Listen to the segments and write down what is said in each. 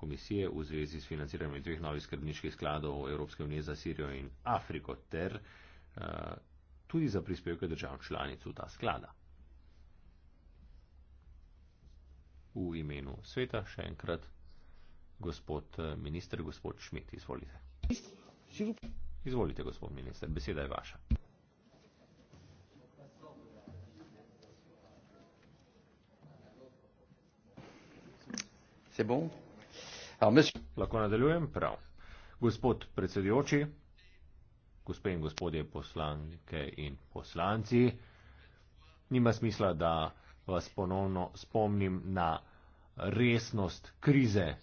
komisije v zvezi s financiranjem dveh novih skrbniških skladov Evropske unije za Sirijo in Afriko ter uh, tudi za prispevke držav članic v ta sklada. V imenu sveta še enkrat gospod eh, minister, gospod Šmit, izvolite. Izvolite, gospod minister, beseda je vaša. Se bom? Lahko nadaljujem? Prav. Gospod predsedujoči, gospe in gospodje poslanke in poslanci, nima smisla, da vas ponovno spomnim na resnost krize,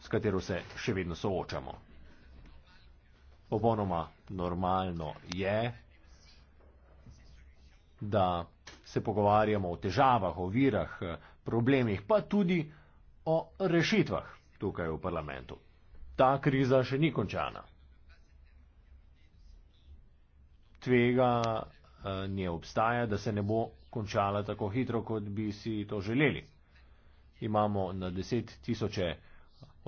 s katero se še vedno soočamo. Popolnoma normalno je, da se pogovarjamo o težavah, o virah, problemih, pa tudi o o rešitvah tukaj v parlamentu. Ta kriza še ni končana. Tvega eh, nje obstaja, da se ne bo končala tako hitro, kot bi si to želeli. Imamo na deset tisoče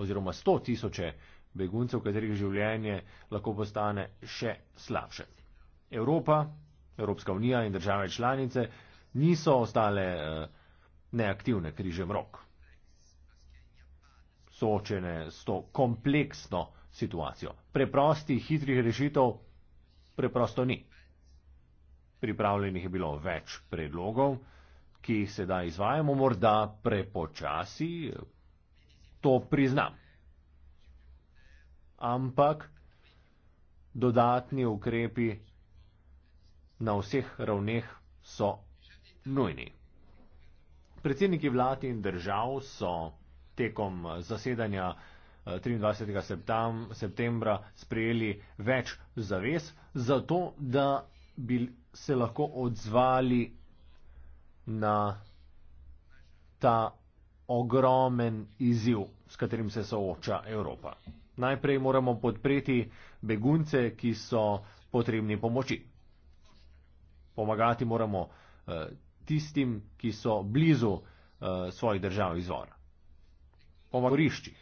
oziroma sto tisoče beguncev, katerih življenje lahko postane še slabše. Evropa, Evropska unija in države članice niso ostale eh, neaktivne križem rok soočene s to kompleksno situacijo. Preprostih, hitrih rešitev preprosto ni. Pripravljenih je bilo več predlogov, ki jih sedaj izvajamo, morda prepočasi, to priznam. Ampak dodatni ukrepi na vseh ravneh so nujni. Predsedniki vlad in držav so tekom eh, zasedanja 23. Eh, septembra sprejeli več zavez, zato da bi se lahko odzvali na ta ogromen izziv, s katerim se sooča Evropa. Najprej moramo podpreti begunce, ki so potrebni pomoči. Pomagati moramo eh, tistim, ki so blizu svojih držav izvora taboriščih.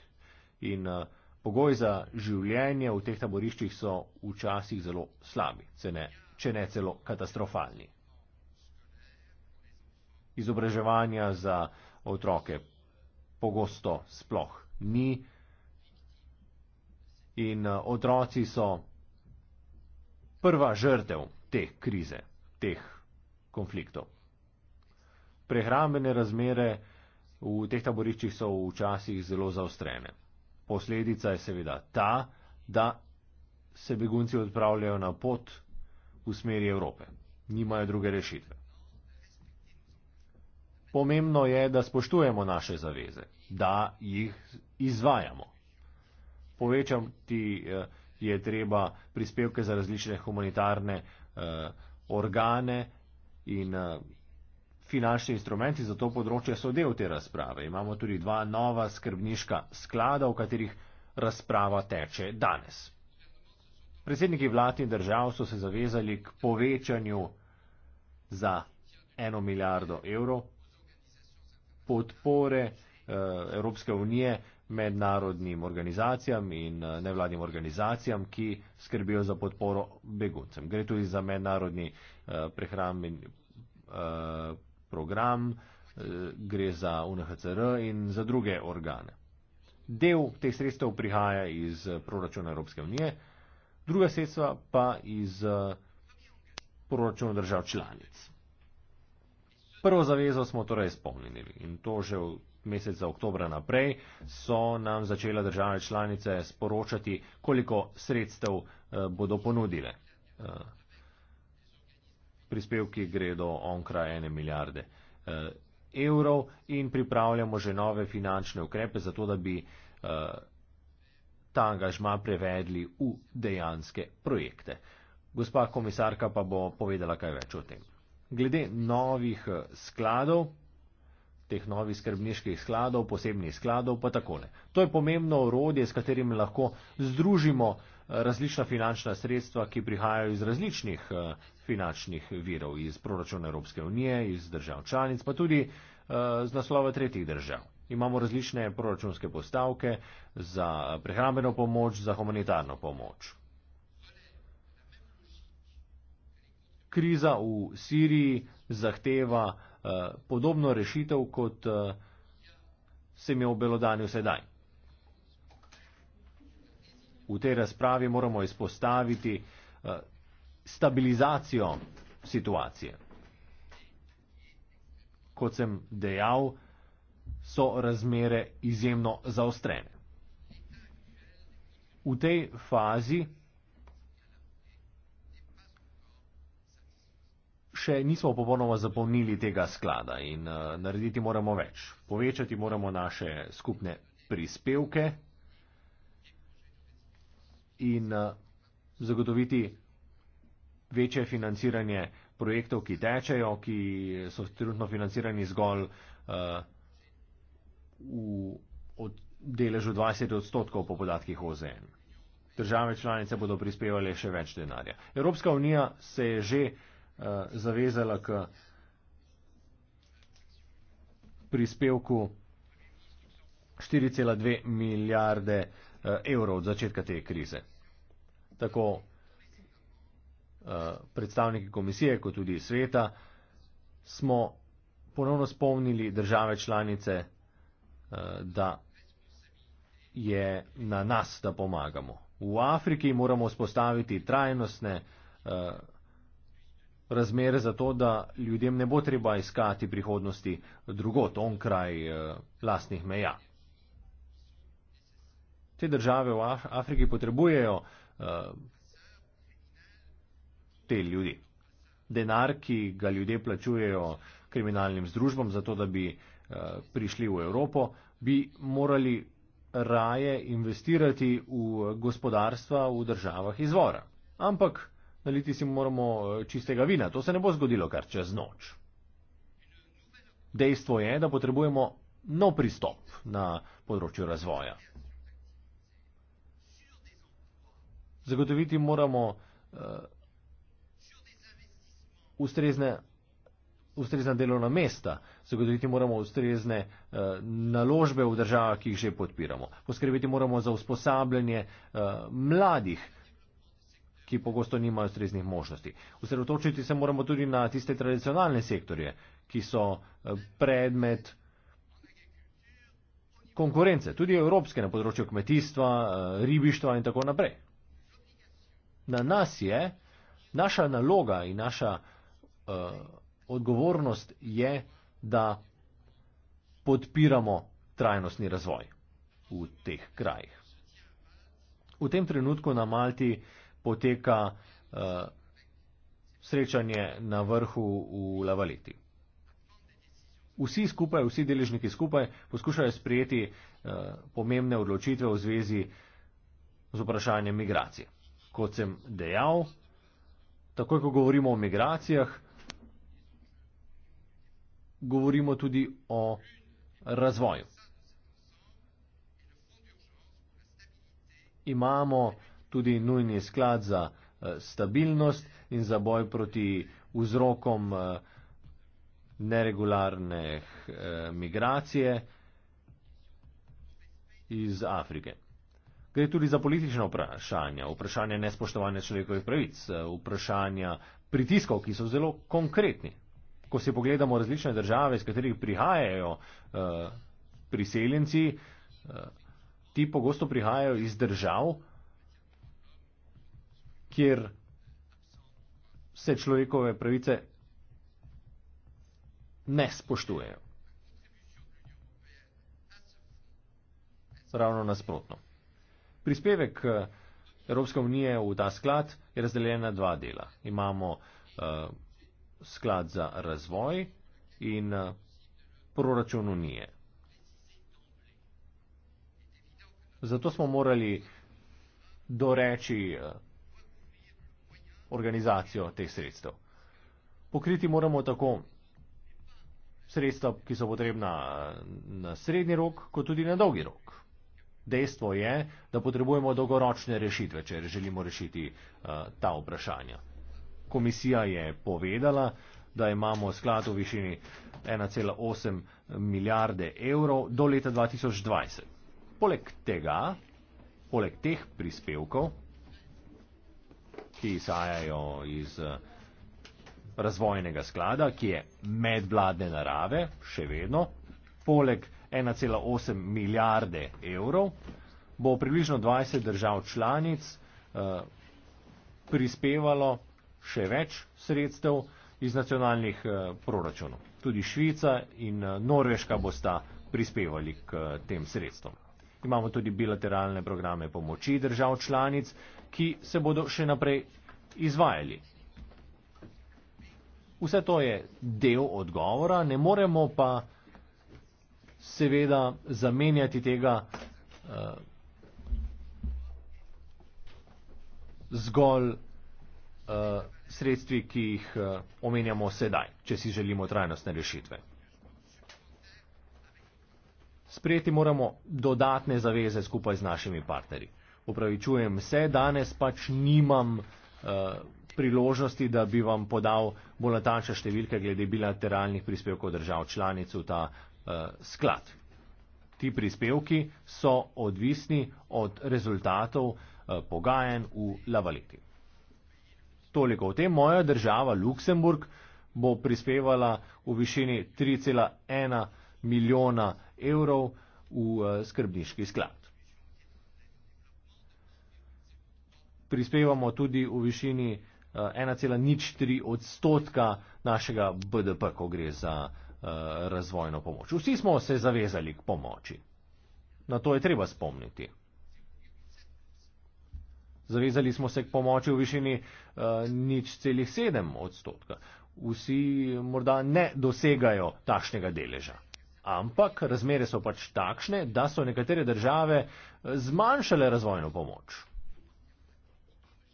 In eh, pogoj za življenje v teh taboriščih so včasih zelo slabi, če ne, če ne celo katastrofalni. Izobraževanja za otroke pogosto sploh ni. In eh, otroci so prva žrtev teh krize, teh konfliktov. Prehrambene razmere v teh taboriščih so včasih zelo zaostrene. Posledica je seveda ta, da se begunci odpravljajo na pot v smeri Evrope. Nimajo druge rešitve. Pomembno je, da spoštujemo naše zaveze, da jih izvajamo. Povečati eh, je treba prispevke za različne humanitarne eh, organe in eh, Finančni instrumenti za to področje so del te razprave. Imamo tudi dva nova skrbniška sklada, v katerih razprava teče danes. Predsedniki vlad in držav so se zavezali k povečanju za eno milijardo evrov podpore eh, Evropske unije mednarodnim organizacijam in eh, nevladnim organizacijam, ki skrbijo za podporo beguncem. Gre tudi za mednarodni eh, prehrambeni program, eh, gre za UNHCR in za druge organe. Del teh sredstev prihaja iz eh, proračuna Evropske unije, druga sredstva pa iz eh, proračuna držav članic. Prvo zavezo smo torej izpolnili in to že od meseca oktobra naprej so nam začele države članice sporočati, koliko sredstev bodo ponudile prispevki gredo onkraj ene milijarde eh, evrov in pripravljamo že nove finančne ukrepe, zato da bi eh, ta angažma prevedli v dejanske projekte. Gospa komisarka pa bo povedala kaj več o tem. Glede novih eh, skladov, teh novih skrbniških skladov, posebnih skladov, pa takole. To je pomembno orodje, s katerim lahko združimo različna finančna sredstva, ki prihajajo iz različnih finančnih virov iz proračuna Evropske unije, iz držav članic, pa tudi eh, z naslova tretjih držav. Imamo različne proračunske postavke za prehrambeno pomoč, za humanitarno pomoč. Kriza v Siriji zahteva eh, podobno rešitev, kot eh, se mi je obelodanil sedaj. V tej razpravi moramo izpostaviti stabilizacijo situacije. Kot sem dejal, so razmere izjemno zaostrene. V tej fazi še nismo popolnoma zapolnili tega sklada in uh, narediti moramo več. Povečati moramo naše skupne prispevke in uh, zagotoviti večje financiranje projektov, ki tečejo, ki so trenutno financirani zgolj uh, v od, deležu 20 odstotkov po podatkih OZN. Države članice bodo prispevali še več denarja. Evropska unija se je že uh, zavezala k prispevku 4,2 milijarde uh, evrov od začetka te krize. Tako Eh, predstavniki komisije, kot tudi sveta, smo ponovno spomnili države članice, eh, da je na nas, da pomagamo. V Afriki moramo spostaviti trajnostne eh, razmere za to, da ljudem ne bo treba iskati prihodnosti drugot, onkraj lastnih meja. Te države v Afriki potrebujejo te ljudi. Denar, ki ga ljudje plačujejo kriminalnim združbam, zato da bi eh, prišli v Evropo, bi morali raje investirati v gospodarstva v državah izvora. Ampak naliti si moramo eh, čistega vina, to se ne bo zgodilo kar čez noč. Dejstvo je, da potrebujemo nov pristop na področju razvoja. Zagotoviti moramo eh, ustrezne, ustrezna delovna mesta, zagotoviti moramo ustrezne eh, naložbe v državah, ki jih že podpiramo. Poskrbeti moramo za usposabljanje eh, mladih ki pogosto nimajo ustreznih možnosti. Usredotočiti se moramo tudi na tiste tradicionalne sektorje, ki so eh, predmet konkurence, tudi evropske na področju kmetijstva, ribištva in tako naprej. Na nas je, naša naloga in naša uh, Eh, odgovornost je, da podpiramo trajnostni razvoj v teh krajih. V tem trenutku na Malti poteka uh, srečanje na vrhu v Lavaleti. Vsi skupaj, vsi deležniki skupaj poskušajo sprijeti uh, eh, pomembne odločitve v zvezi z vprašanjem migracije. Kot sem dejal, takoj ko govorimo o migracijah, govorimo tudi o razvoju. Imamo tudi nujni sklad za eh, stabilnost in za boj proti vzrokom eh, neregularne eh, migracije iz Afrike. Gre tudi za politična vprašanja, vprašanja nespoštovanja človekovih pravic, vprašanja pritiskov, ki so zelo konkretni ko si pogledamo različne države, iz katerih prihajajo uh, priseljenci, uh, ti pogosto prihajajo iz držav, kjer se človekove pravice ne spoštujejo. Ravno nasprotno. Prispevek eh, Evropske unije v ta sklad je razdeljen na dva dela. Imamo uh, sklad za razvoj in eh, proračun unije. Zato smo morali doreči eh, organizacijo teh sredstev. Pokriti moramo tako sredstva, ki so potrebna eh, na srednji rok, kot tudi na dolgi rok. Dejstvo je, da potrebujemo dolgoročne rešitve, če želimo rešiti uh, ta vprašanja komisija je povedala, da imamo sklad v višini 1,8 milijarde evrov do leta 2020. Poleg tega, poleg teh prispevkov, ki izhajajo iz razvojnega sklada, ki je medvladne narave, še vedno, poleg 1,8 milijarde evrov, bo približno 20 držav članic uh, prispevalo še več sredstev iz nacionalnih eh, proračunov. Tudi Švica in eh, Norveška bosta prispevali k eh, tem sredstvom. Imamo tudi bilateralne programe pomoči držav članic, ki se bodo še naprej izvajali. Vse to je del odgovora, ne moremo pa seveda zamenjati tega uh, zgolj Eh, sredstvi, ki jih eh, omenjamo sedaj, če si želimo trajnostne rešitve. Sprejeti moramo dodatne zaveze skupaj z našimi partnerji. Upravičujem se, danes pač nimam uh, priložnosti, da bi vam podal bolj natančne številke glede bilateralnih prispevkov držav članic v ta uh, sklad. Ti prispevki so odvisni od rezultatov uh, pogajen v Lavaleti toliko. V tem moja država, Luksemburg, bo prispevala v višini 3,1 milijona evrov v eh, skrbniški sklad. Prispevamo tudi v višini 1,03 eh, odstotka našega BDP, ko gre za eh, razvojno pomoč. Vsi smo se zavezali k pomoči. Na to je treba spomniti. Zavezali smo se k pomoči v višini eh, nič celih sedem odstotka. Vsi morda ne dosegajo takšnega deleža. Ampak razmere so pač takšne, da so nekatere države eh, zmanjšale razvojno pomoč.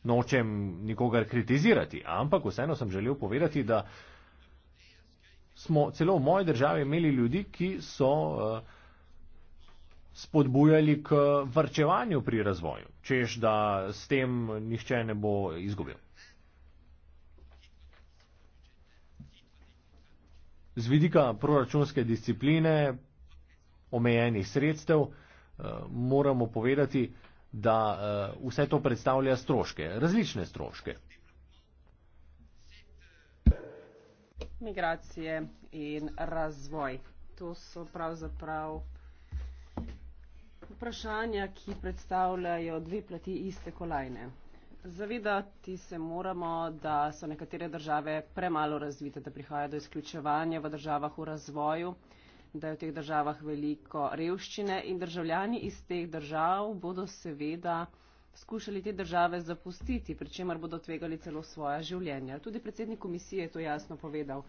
Nočem nikogar kritizirati, ampak vseeno sem želel povedati, da smo celo v moji državi imeli ljudi, ki so uh, spodbujali k vrčevanju pri razvoju, čež da s tem nihče ne bo izgubil. Z vidika proračunske discipline, omejenih sredstev, eh, moramo povedati, da eh, vse to predstavlja stroške, različne stroške. Migracije in razvoj. To so pravzaprav vprašanja, ki predstavljajo dve plati iste kolajne. Zavedati se moramo, da so nekatere države premalo razvite, da prihaja do izključevanja v državah v razvoju, da je v teh državah veliko revščine in državljani iz teh držav bodo seveda skušali te države zapustiti, pri čemer bodo tvegali celo svoja življenja. Tudi predsednik komisije je to jasno povedal.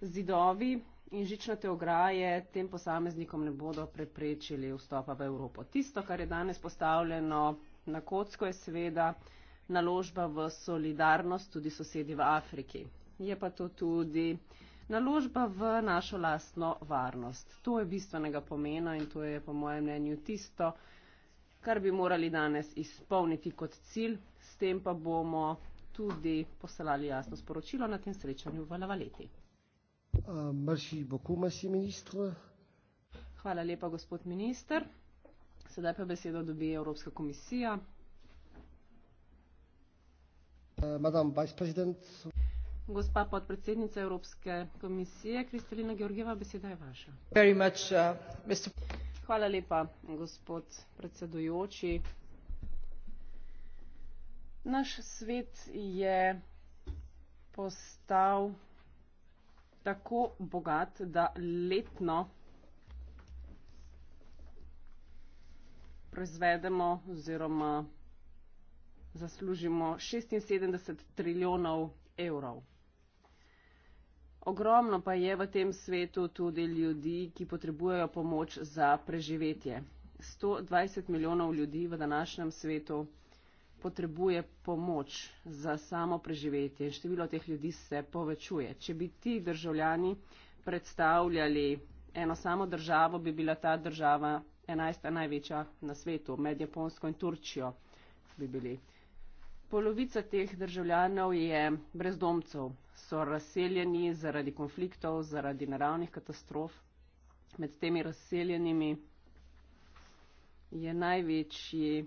Zidovi in žičnate ograje tem posameznikom ne bodo preprečili vstopa v Evropo. Tisto, kar je danes postavljeno na kocko, je seveda naložba v solidarnost tudi sosedi v Afriki. Je pa to tudi naložba v našo lastno varnost. To je bistvenega pomena in to je po mojem mnenju tisto, kar bi morali danes izpolniti kot cilj. S tem pa bomo tudi poslali jasno sporočilo na tem srečanju v Lavaleti. Hvala lepa, gospod minister. Sedaj pa besedo dobi Evropska komisija. Gospa podpredsednica Evropske komisije, Kristalina Georgieva, beseda je vaša. Uh, Hvala lepa, gospod predsedujoči. Naš svet je postal tako bogat, da letno proizvedemo oziroma zaslužimo 76 trilijonov evrov. Ogromno pa je v tem svetu tudi ljudi, ki potrebujejo pomoč za preživetje. 120 milijonov ljudi v današnjem svetu potrebuje pomoč za samo preživetje in število teh ljudi se povečuje. Če bi ti državljani predstavljali eno samo državo, bi bila ta država enajsta največja na svetu, med Japonsko in Turčijo bi bili. Polovica teh državljanov je brezdomcev, so razseljeni zaradi konfliktov, zaradi naravnih katastrof. Med temi razseljenimi je največji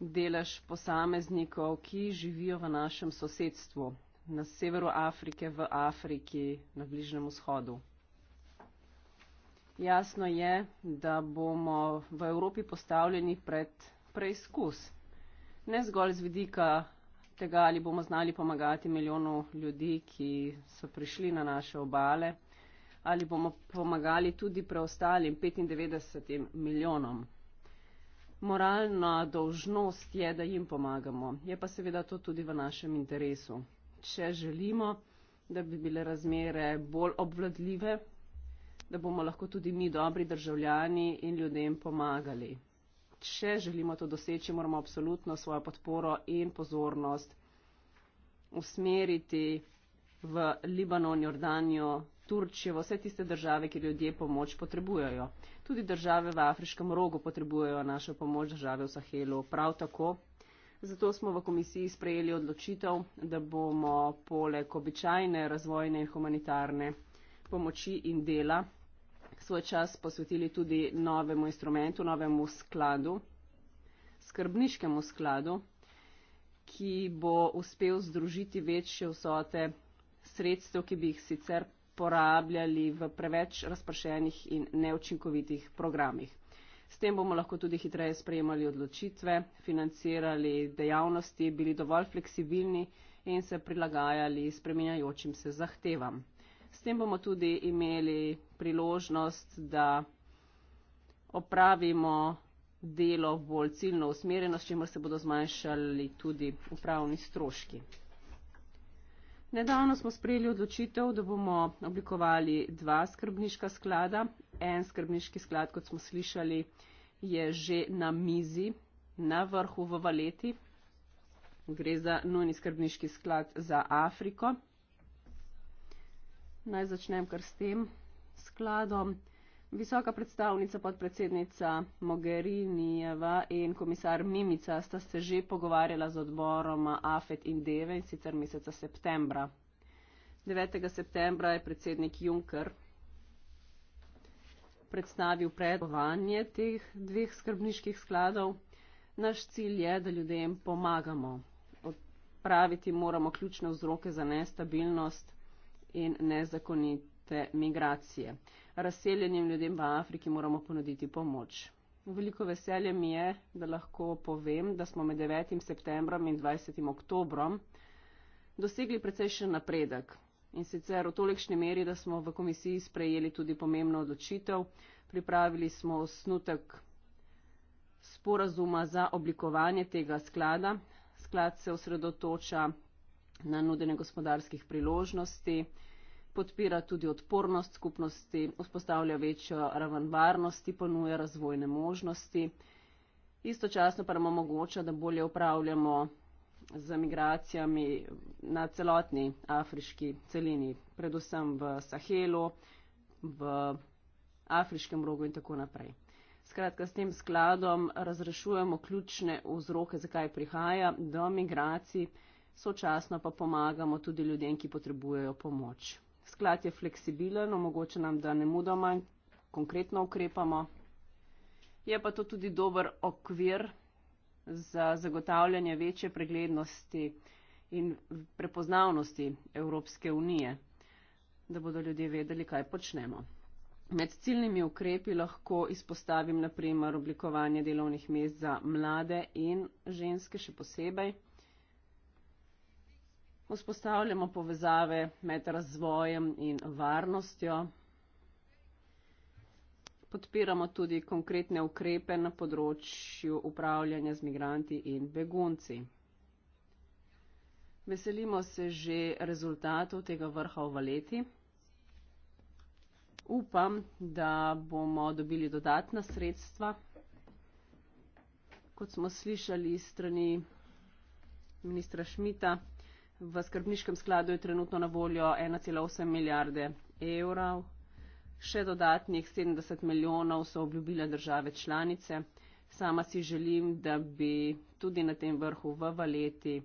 delež posameznikov, ki živijo v našem sosedstvu, na severu Afrike, v Afriki, na Bližnem vzhodu. Jasno je, da bomo v Evropi postavljeni pred preizkus. Ne zgolj z vidika tega, ali bomo znali pomagati milijonu ljudi, ki so prišli na naše obale, ali bomo pomagali tudi preostalim 95 milijonom. Moralna dolžnost je, da jim pomagamo. Je pa seveda to tudi v našem interesu. Če želimo, da bi bile razmere bolj obvladljive, da bomo lahko tudi mi dobri državljani in ljudem pomagali. Če želimo to doseči, moramo absolutno svojo podporo in pozornost usmeriti v Libanon, Jordanijo, Turčijo, vse tiste države, kjer ljudje pomoč potrebujejo. Tudi države v afriškem rogu potrebujejo našo pomoč, države v Sahelu prav tako. Zato smo v komisiji sprejeli odločitev, da bomo poleg običajne razvojne in humanitarne pomoči in dela svoj čas posvetili tudi novemu instrumentu, novemu skladu, skrbniškemu skladu, ki bo uspel združiti večje vsote sredstev, ki bi jih sicer porabljali v preveč razpršenih in neučinkovitih programih. S tem bomo lahko tudi hitreje sprejemali odločitve, financirali dejavnosti, bili dovolj fleksibilni in se prilagajali spreminjajočim se zahtevam. S tem bomo tudi imeli priložnost, da opravimo delo bolj ciljno usmerjeno, s čimer se bodo zmanjšali tudi upravni stroški. Nedavno smo sprejeli odločitev, da bomo oblikovali dva skrbniška sklada. En skrbniški sklad, kot smo slišali, je že na mizi, na vrhu v Valeti. Gre za nujni skrbniški sklad za Afriko. Naj začnem kar s tem skladom. Visoka predstavnica podpredsednica Mogherinijeva in komisar Mimica sta se že pogovarjala z odboroma AFET in DEVE in sicer meseca septembra. 9. septembra je predsednik Juncker predstavil predovanje teh dveh skrbniških skladov. Naš cilj je, da ljudem pomagamo. Odpraviti moramo ključne vzroke za nestabilnost in nezakonitost te migracije. Razseljenim ljudem v Afriki moramo ponuditi pomoč. Veliko veselje mi je, da lahko povem, da smo med 9. septembrom in 20. oktobrom dosegli precejšen napredek. In sicer v tolikšni meri, da smo v komisiji sprejeli tudi pomembno odločitev, pripravili smo osnutek sporazuma za oblikovanje tega sklada. Sklad se osredotoča na nudene gospodarskih priložnosti podpira tudi odpornost skupnosti, vzpostavlja večjo raven varnosti, ponuja razvojne možnosti. Istočasno pa nam omogoča, da bolje upravljamo z migracijami na celotni afriški celini, predvsem v Sahelu, v afriškem rogu in tako naprej. Skratka, s tem skladom razrešujemo ključne vzroke, zakaj prihaja do migracij, sočasno pa pomagamo tudi ljudem, ki potrebujejo pomoč. Sklad je fleksibilen, omogoča nam, da ne mudoma in konkretno ukrepamo. Je pa to tudi dober okvir za zagotavljanje večje preglednosti in prepoznavnosti Evropske unije, da bodo ljudje vedeli, kaj počnemo. Med ciljnimi ukrepi lahko izpostavim naprimer oblikovanje delovnih mest za mlade in ženske še posebej vzpostavljamo povezave med razvojem in varnostjo. Podpiramo tudi konkretne ukrepe na področju upravljanja z migranti in begunci. Veselimo se že rezultatov tega vrha v Valeti. Upam, da bomo dobili dodatna sredstva. Kot smo slišali strani ministra Šmita, V skrbniškem skladu je trenutno na voljo 1,8 milijarde evrov, še dodatnih 70 milijonov so obljubile države članice. Sama si želim, da bi tudi na tem vrhu v Valeti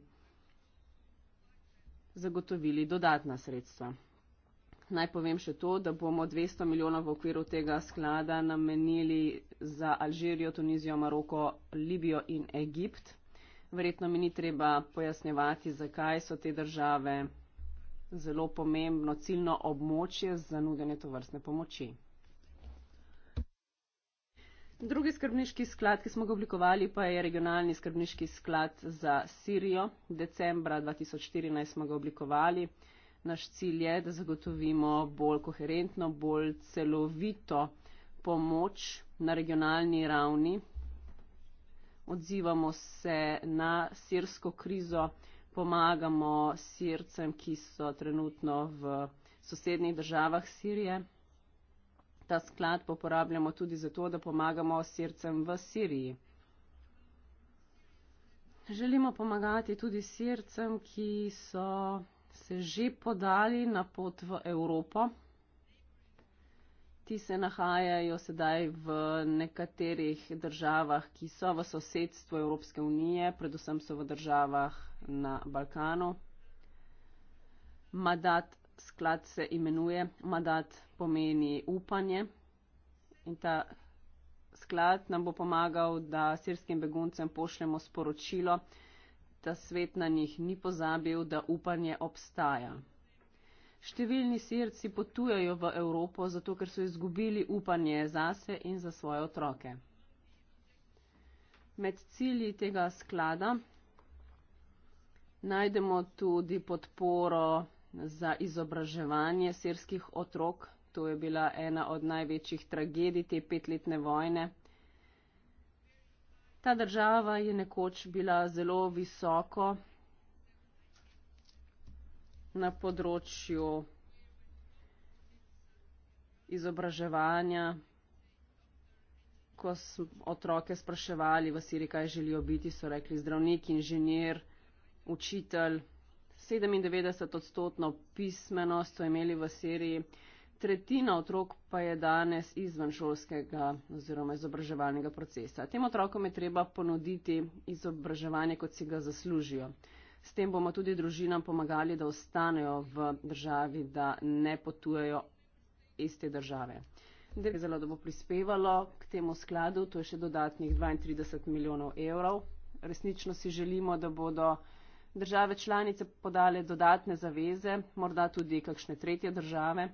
zagotovili dodatna sredstva. Naj povem še to, da bomo 200 milijonov v okviru tega sklada namenili za Alžirijo, Tunizijo, Maroko, Libijo in Egipt. Verjetno mi ni treba pojasnjevati, zakaj so te države zelo pomembno ciljno območje za nudenje tovrstne pomoči. Drugi skrbniški sklad, ki smo ga oblikovali, pa je regionalni skrbniški sklad za Sirijo. Decembra 2014 smo ga oblikovali. Naš cilj je, da zagotovimo bolj koherentno, bolj celovito pomoč na regionalni ravni odzivamo se na sirsko krizo, pomagamo sircem, ki so trenutno v sosednjih državah Sirije. Ta sklad poporabljamo tudi zato, da pomagamo sircem v Siriji. Želimo pomagati tudi sircem, ki so se že podali na pot v Evropo. Ti se nahajajo sedaj v nekaterih državah, ki so v sosedstvu Evropske unije, predvsem so v državah na Balkanu. Madat sklad se imenuje, madat pomeni upanje in ta sklad nam bo pomagal, da sirskim beguncem pošljemo sporočilo, da svet na njih ni pozabil, da upanje obstaja. Številni sirci potujajo v Evropo, zato ker so izgubili upanje zase in za svoje otroke. Med cilji tega sklada najdemo tudi podporo za izobraževanje sirskih otrok. To je bila ena od največjih tragedij te petletne vojne. Ta država je nekoč bila zelo visoko na področju izobraževanja, ko smo otroke spraševali v Siriji, kaj želijo biti, so rekli zdravnik, inženir, učitelj. 97 odstotno pismenost so imeli v Siriji, tretjina otrok pa je danes izven šolskega oziroma izobraževalnega procesa. Tem otrokom je treba ponuditi izobraževanje, kot si ga zaslužijo. S tem bomo tudi družinam pomagali, da ostanejo v državi, da ne potujejo iz te države. Zelo, da bo prispevalo k temu skladu, to je še dodatnih 32 milijonov evrov. Resnično si želimo, da bodo države članice podale dodatne zaveze, morda tudi kakšne tretje države.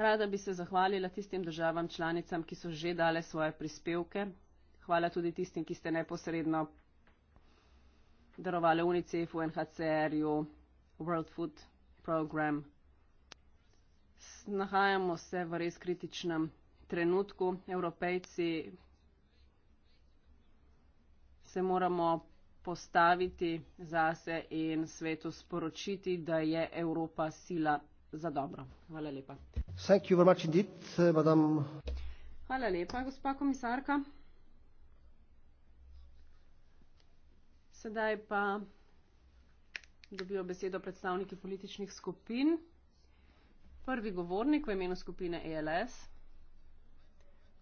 Rada bi se zahvalila tistim državam članicam, ki so že dale svoje prispevke, hvala tudi tistim, ki ste neposredno darovali UNICEF, UNHCR-ju, World Food Program. Nahajamo se v res kritičnem trenutku. Evropejci se moramo postaviti zase in svetu sporočiti, da je Evropa sila za dobro. Hvala lepa. Thank you very much indeed, eh, madam. Hvala lepa, gospa komisarka. Sedaj pa dobijo besedo predstavniki političnih skupin. Prvi govornik v imenu skupine ELS,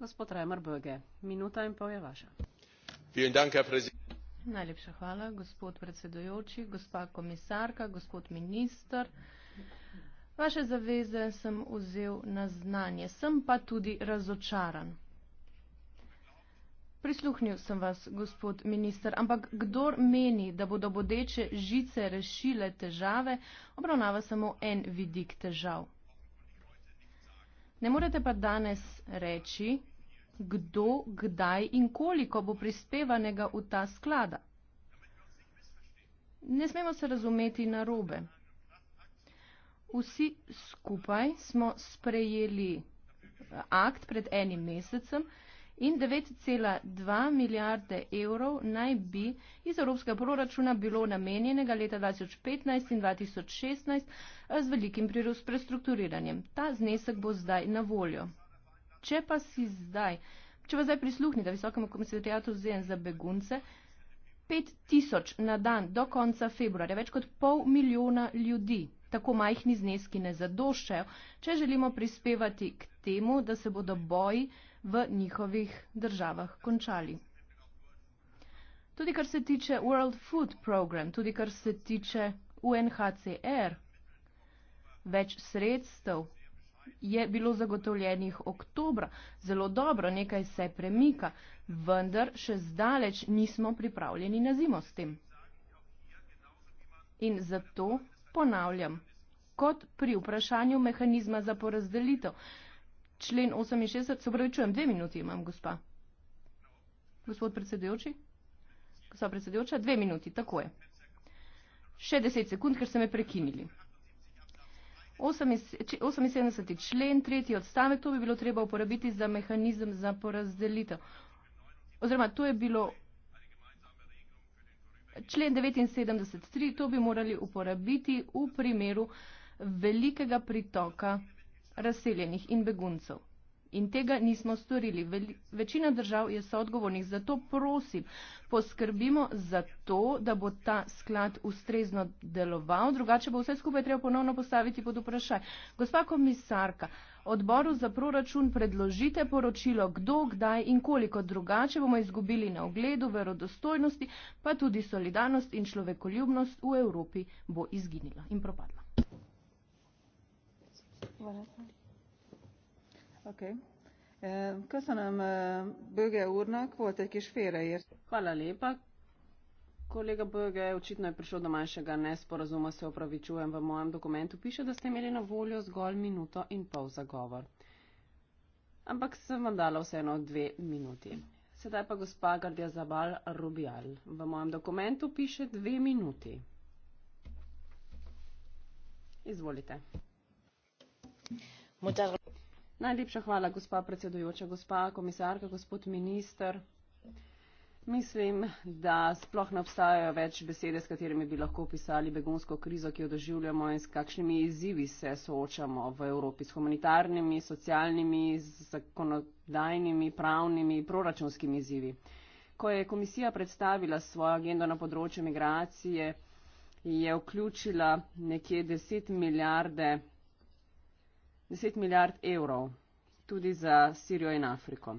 gospod Rajmar Böge. Minuta in pol je vaša. Najlepša hvala, gospod predsedujoči, gospa komisarka, gospod minister. Vaše zaveze sem vzel na znanje. Sem pa tudi razočaran. Prisluhnil sem vas, gospod minister, ampak kdor meni, da bodo bodeče žice rešile težave, obravnava samo en vidik težav. Ne morete pa danes reči, kdo, kdaj in koliko bo prispevanega v ta sklada. Ne smemo se razumeti na robe. Vsi skupaj smo sprejeli akt pred enim mesecem, in 9,2 milijarde evrov naj bi iz evropskega proračuna bilo namenjenega leta 2015 in 2016 eh, z velikim prirost prestrukturiranjem. Ta znesek bo zdaj na voljo. Če pa si zdaj, če pa zdaj prisluhnite visokemu komisariatu ZN za begunce, 5000 na dan do konca februarja, več kot pol milijona ljudi. Tako majhni zneski ne zadoščajo, če želimo prispevati k temu, da se bodo boji v njihovih državah končali. Tudi kar se tiče World Food Program, tudi kar se tiče UNHCR, več sredstev je bilo zagotovljenih oktobra. Zelo dobro, nekaj se premika, vendar še zdaleč nismo pripravljeni na zimo s tem. In zato ponavljam, kot pri vprašanju mehanizma za porazdelitev člen 68, se pravi, čujem, dve minuti imam, gospa. Gospod predsedujoči? Gospa predsedujoča, dve minuti, tako je. Še deset sekund, ker ste me prekinili. 78. člen, tretji odstavek, to bi bilo treba uporabiti za mehanizem za porazdelitev. Oziroma, to je bilo člen 79.3, to bi morali uporabiti v primeru velikega pritoka razseljenih in beguncev. In tega nismo storili. Veli, večina držav je soodgovornih. Zato prosim, poskrbimo za to, da bo ta sklad ustrezno deloval, drugače bo vse skupaj treba ponovno postaviti pod vprašaj. Gospa komisarka, odboru za proračun predložite poročilo, kdo, kdaj in koliko drugače bomo izgubili na ogledu, verodostojnosti, pa tudi solidarnost in človekoljubnost v Evropi bo izginila in propadla. Eh, eh, Hvala lepa. Kolega Böge, očitno je prišlo do manjšega nesporazuma, se opravičujem. V mojem dokumentu piše, da ste imeli na voljo zgolj minuto in pol za govor. Ampak sem vam dala vseeno dve minuti. Sedaj pa gospa Gardia Zabal Rubial. V mojem dokumentu piše dve minuti. Izvolite. Najlepša hvala, gospa predsedujoča, gospa komisarka, gospod minister. Mislim, da sploh ne obstajajo več besede, s katerimi bi lahko opisali begonsko krizo, ki jo doživljamo in s kakšnimi izzivi se soočamo v Evropi s humanitarnimi, socialnimi, zakonodajnimi, pravnimi, proračunskimi izzivi. Ko je komisija predstavila svojo agendo na področju migracije, je vključila nekje 10 milijarde 10 milijard evrov tudi za Sirijo in Afriko.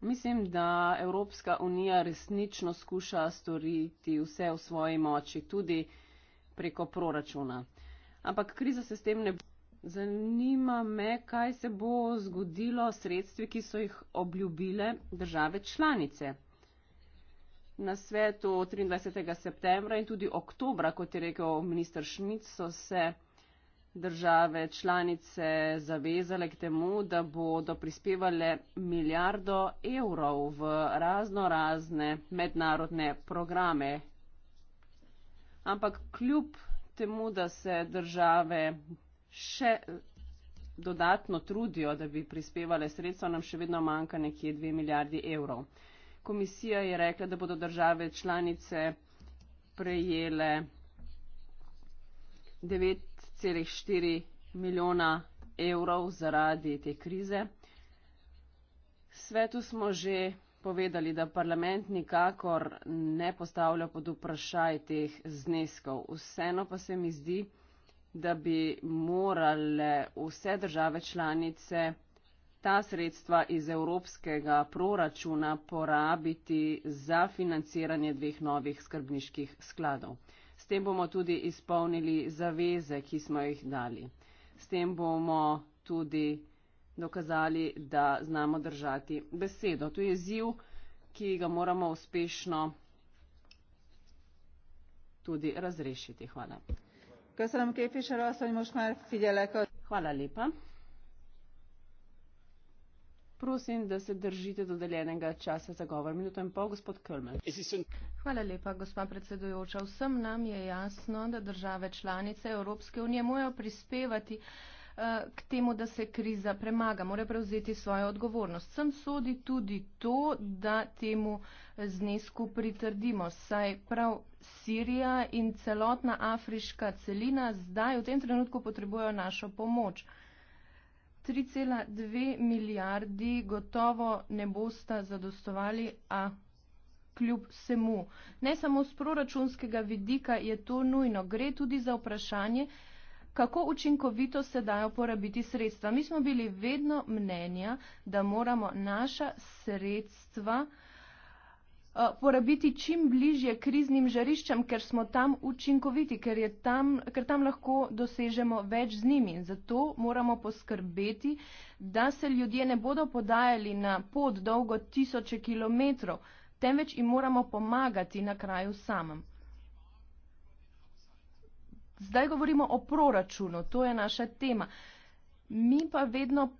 Mislim, da Evropska unija resnično skuša storiti vse v svoji moči, tudi preko proračuna. Ampak kriza se s tem ne. Zanima me, kaj se bo zgodilo s sredstvi, ki so jih obljubile države članice. Na svetu 23. septembra in tudi oktobra, kot je rekel minister Šmit, so se države članice zavezale k temu, da bodo prispevale milijardo evrov v razno razne mednarodne programe. Ampak kljub temu, da se države še dodatno trudijo, da bi prispevale sredstva, nam še vedno manjka nekje 2 milijardi evrov. Komisija je rekla, da bodo države članice prejele 9 6,4 milijona evrov zaradi te krize. Svetu smo že povedali, da parlament nikakor ne postavlja pod vprašaj teh zneskov. Vseeno pa se mi zdi, da bi morale vse države članice ta sredstva iz evropskega proračuna porabiti za financiranje dveh novih skrbniških skladov. S tem bomo tudi izpolnili zaveze, ki smo jih dali. S tem bomo tudi dokazali, da znamo držati besedo. To je ziv, ki ga moramo uspešno tudi razrešiti. Hvala. Hvala lepa. Prosim, da se držite dodeljenega časa za govor. Minuto in pol, gospod Krmer. Hvala lepa, gospa predsedujoča. Vsem nam je jasno, da države članice Evropske unije morajo prispevati eh, k temu, da se kriza premaga, mora prevzeti svojo odgovornost. Sem sodi tudi to, da temu znesku pritrdimo, saj prav Sirija in celotna afriška celina zdaj v tem trenutku potrebujejo našo pomoč. 3,2 milijardi gotovo ne bosta zadostovali, a kljub semu. Ne samo z proračunskega vidika je to nujno, gre tudi za vprašanje, kako učinkovito se dajo porabiti sredstva. Mi smo bili vedno mnenja, da moramo naša sredstva uh, Eh, porabiti čim bližje kriznim žariščem, ker smo tam učinkoviti, ker, tam, ker tam lahko dosežemo več z njimi. Zato moramo poskrbeti, da se ljudje ne bodo podajali na pot dolgo tisoče kilometrov, temveč jim moramo pomagati na kraju samem. Zdaj govorimo o proračunu, to je naša tema. Mi pa vedno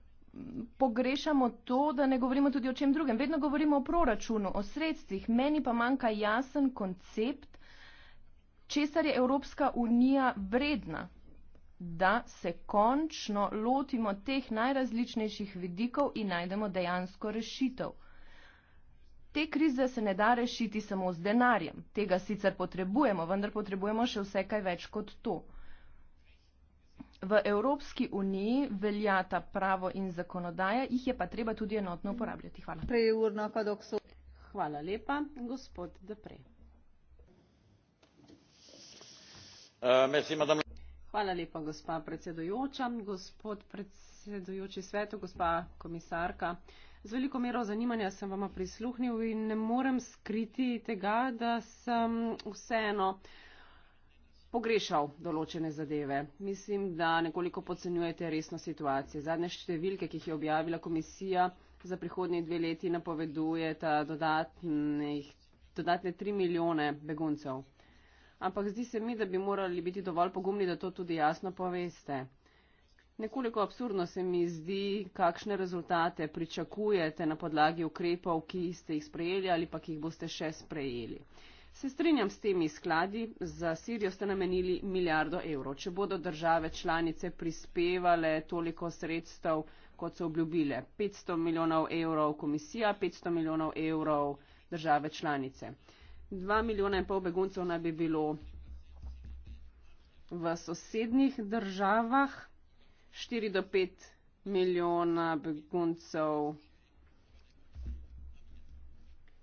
pogrešamo to, da ne govorimo tudi o čem drugem. Vedno govorimo o proračunu, o sredstvih. Meni pa manjka jasen koncept, česar je Evropska unija vredna, da se končno lotimo teh najrazličnejših vidikov in najdemo dejansko rešitev. Te krize se ne da rešiti samo z denarjem. Tega sicer potrebujemo, vendar potrebujemo še vse kaj več kot to v Evropski uniji veljata pravo in zakonodaja, jih je pa treba tudi enotno uporabljati. Hvala. Hvala lepa, gospod Depre. Uh, Hvala lepa, gospa predsedujoča, gospod predsedujoči svetu, gospa komisarka. Z veliko mero zanimanja sem vama prisluhnil in ne morem skriti tega, da sem vseeno pogrešal določene zadeve. Mislim, da nekoliko podcenjujete resno situacijo. Zadnje številke, ki jih je objavila komisija za prihodnje dve leti, napoveduje ta dodatnih, dodatne tri milijone beguncev. Ampak zdi se mi, da bi morali biti dovolj pogumni, da to tudi jasno poveste. Nekoliko absurdno se mi zdi, kakšne rezultate pričakujete na podlagi ukrepov, ki ste jih sprejeli ali pa ki jih boste še sprejeli. Se strinjam s temi skladi, za Sirijo ste namenili milijardo evrov. Če bodo države članice prispevale toliko sredstev, kot so obljubile, 500 milijonov evrov komisija, 500 milijonov evrov države članice. 2 milijona in pol beguncev naj bi bilo v sosednjih državah, 4 do 5 milijona beguncev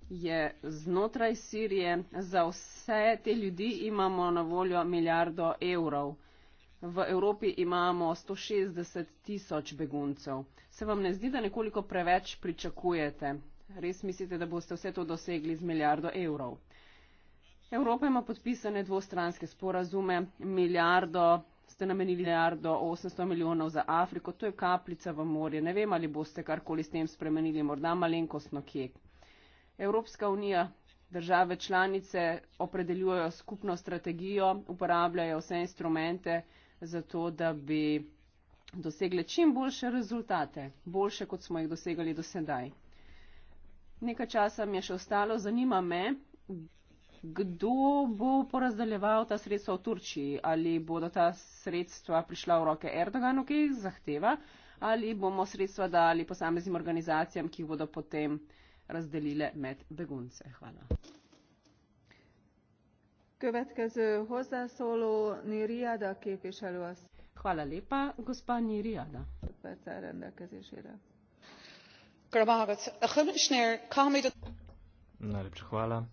je znotraj Sirije. Za vse te ljudi imamo na voljo milijardo evrov. V Evropi imamo 160 tisoč beguncev. Se vam ne zdi, da nekoliko preveč pričakujete? Res mislite, da boste vse to dosegli z milijardo evrov? Evropa ima podpisane dvostranske sporazume, milijardo, ste namenili milijardo 800 milijonov za Afriko, to je kapljica v morje. Ne vem, ali boste karkoli s tem spremenili, morda malenkostno kjek. Evropska unija, države članice opredeljujejo skupno strategijo, uporabljajo vse instrumente za to, da bi dosegle čim boljše rezultate, boljše, kot smo jih dosegali do sedaj. Nekaj časa mi je še ostalo, zanima me, kdo bo porazdeljeval ta sredstva v Turčiji, ali bodo ta sredstva prišla v roke Erdoganu, ki jih zahteva, ali bomo sredstva dali posameznim organizacijam, ki jih bodo potem uh, razdelile med begunce. Hvala. Hvala lepa, gospa Nirijada. Najlepša hvala.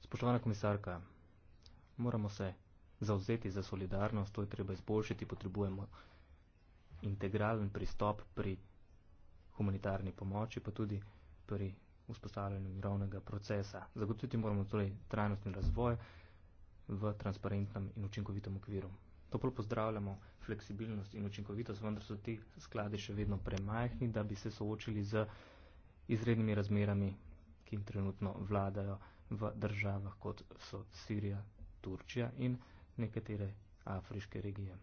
Spoštovana komisarka, moramo se zauzeti za solidarnost, to je treba izboljšati, potrebujemo integralen pristop pri humanitarni pomoči, pa tudi pri vzpostavljanju mirovnega procesa. Zagotoviti moramo torej trajnostni razvoj v transparentnem in učinkovitem okviru. Toplo pozdravljamo fleksibilnost in učinkovitost, vendar so ti skladi še vedno premajhni, da bi se soočili z izrednimi razmerami, ki jim trenutno vladajo v državah, kot so Sirija, Turčija in nekatere afriške regije.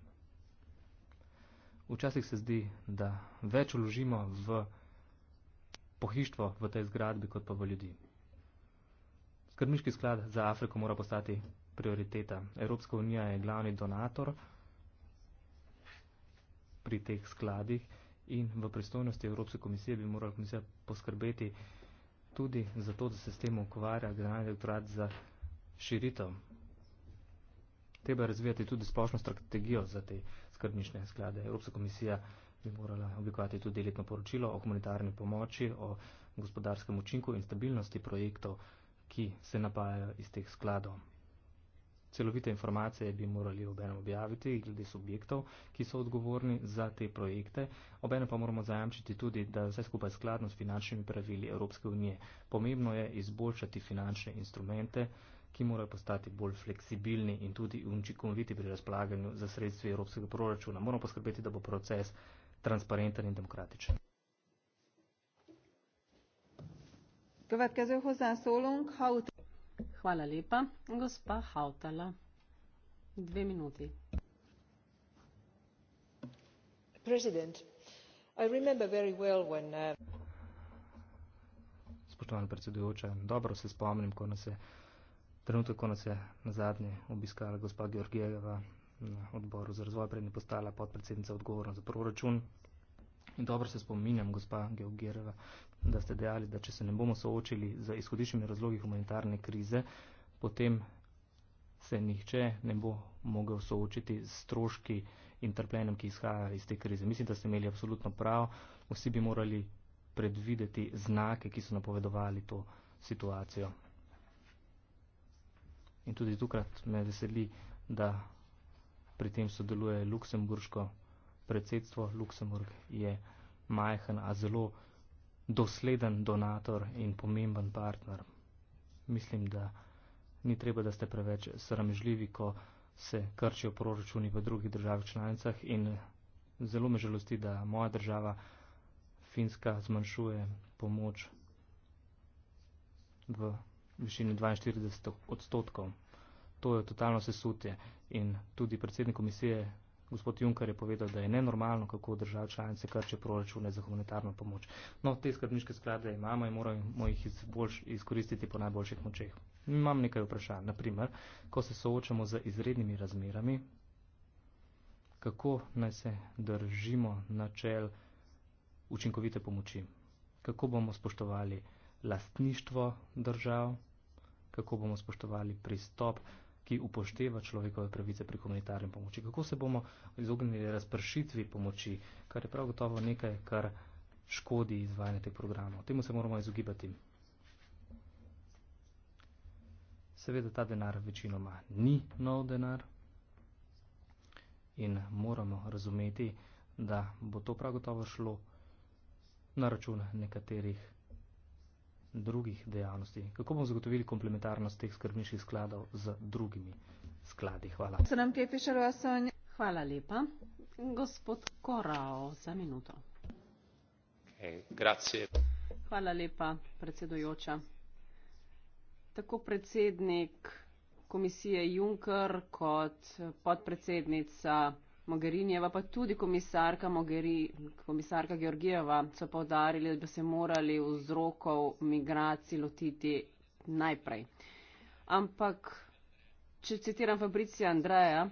Včasih se zdi, da več uložimo v pohištvo v tej zgradbi, kot pa v ljudi. Skrbniški sklad za Afriko mora postati prioriteta. Evropska unija je glavni donator pri teh skladih in v pristojnosti Evropske komisije bi morala komisija poskrbeti tudi za to, da se s tem ukvarja generalni direktorat za širitev. Treba razvijati tudi splošno strategijo za te skrbnične sklade. Evropska komisija bi morala oblikovati tudi letno poročilo o humanitarni pomoči, o gospodarskem učinku in stabilnosti projektov, ki se napajajo iz teh skladov. Celovite informacije bi morali obenem objaviti glede subjektov, ki so odgovorni za te projekte, obenem pa moramo zajamčiti tudi, da vse skupaj skladno s finančnimi pravili Evropske unije. Pomembno je izboljšati finančne instrumente, ki morajo postati bolj fleksibilni in tudi učinkoviti pri razplaganju za sredstvi Evropskega proračuna. Moramo poskrbeti, da bo proces transparenten in demokratičen. Hvala lepa, gospa Hautala. Dve minuti. Uh, Spoštovana predsedujoča, dobro se spomnim, ko nas je, trenutek, ko nas je na zadnji obiskala gospa Georgijeva na odboru za razvoj, prednji postala podpredsednica odgovorna za proračun. In dobro se spominjam, gospa Geogereva, da ste dejali, da če se ne bomo soočili z izhodišnjimi razlogi humanitarne krize, potem se nihče ne bo mogel soočiti s stroški in trpljenjem, ki izhaja iz te krize. Mislim, da ste imeli absolutno prav. Vsi bi morali predvideti znake, ki so napovedovali to situacijo. In tudi tukaj me veseli, da pri tem sodeluje luksemburško predsedstvo. Luksemburg je majhen, a zelo dosleden donator in pomemben partner. Mislim, da ni treba, da ste preveč sramežljivi, ko se krčijo proračuni v drugih državah članicah in zelo me žalosti, da moja država Finska zmanjšuje pomoč v višini 42 odstotkov to je totalno sesutje. In tudi predsednik komisije, gospod Juncker, je povedal, da je nenormalno, kako država članice krče proračune za humanitarno pomoč. No, te skrbniške sklade imamo in moramo jih izkoristiti po najboljših močeh. Imam nekaj vprašanj. Naprimer, ko se soočamo z izrednimi razmerami, kako naj se držimo načel učinkovite pomoči? Kako bomo spoštovali lastništvo držav? Kako bomo spoštovali pristop? ki upošteva človekove pravice pri humanitarni pomoči. Kako se bomo izognili razpršitvi pomoči, kar je prav gotovo nekaj, kar škodi izvajanje teh programov. Temu se moramo izogibati. Seveda ta denar večinoma ni nov denar in moramo razumeti, da bo to prav gotovo šlo na račun nekaterih drugih dejavnosti. Kako bomo zagotovili komplementarnost teh skrbniških skladov z drugimi skladi? Hvala. Hvala lepa. Gospod Korao, za minuto. Eh, Hvala lepa, predsedojoča. Tako predsednik komisije Juncker kot podpredsednica. Mogherinjeva, pa tudi komisarka, Mogheri, komisarka Georgijeva so povdarili, da bi se morali vzrokov migracij lotiti najprej. Ampak, če citiram Fabricija Andreja,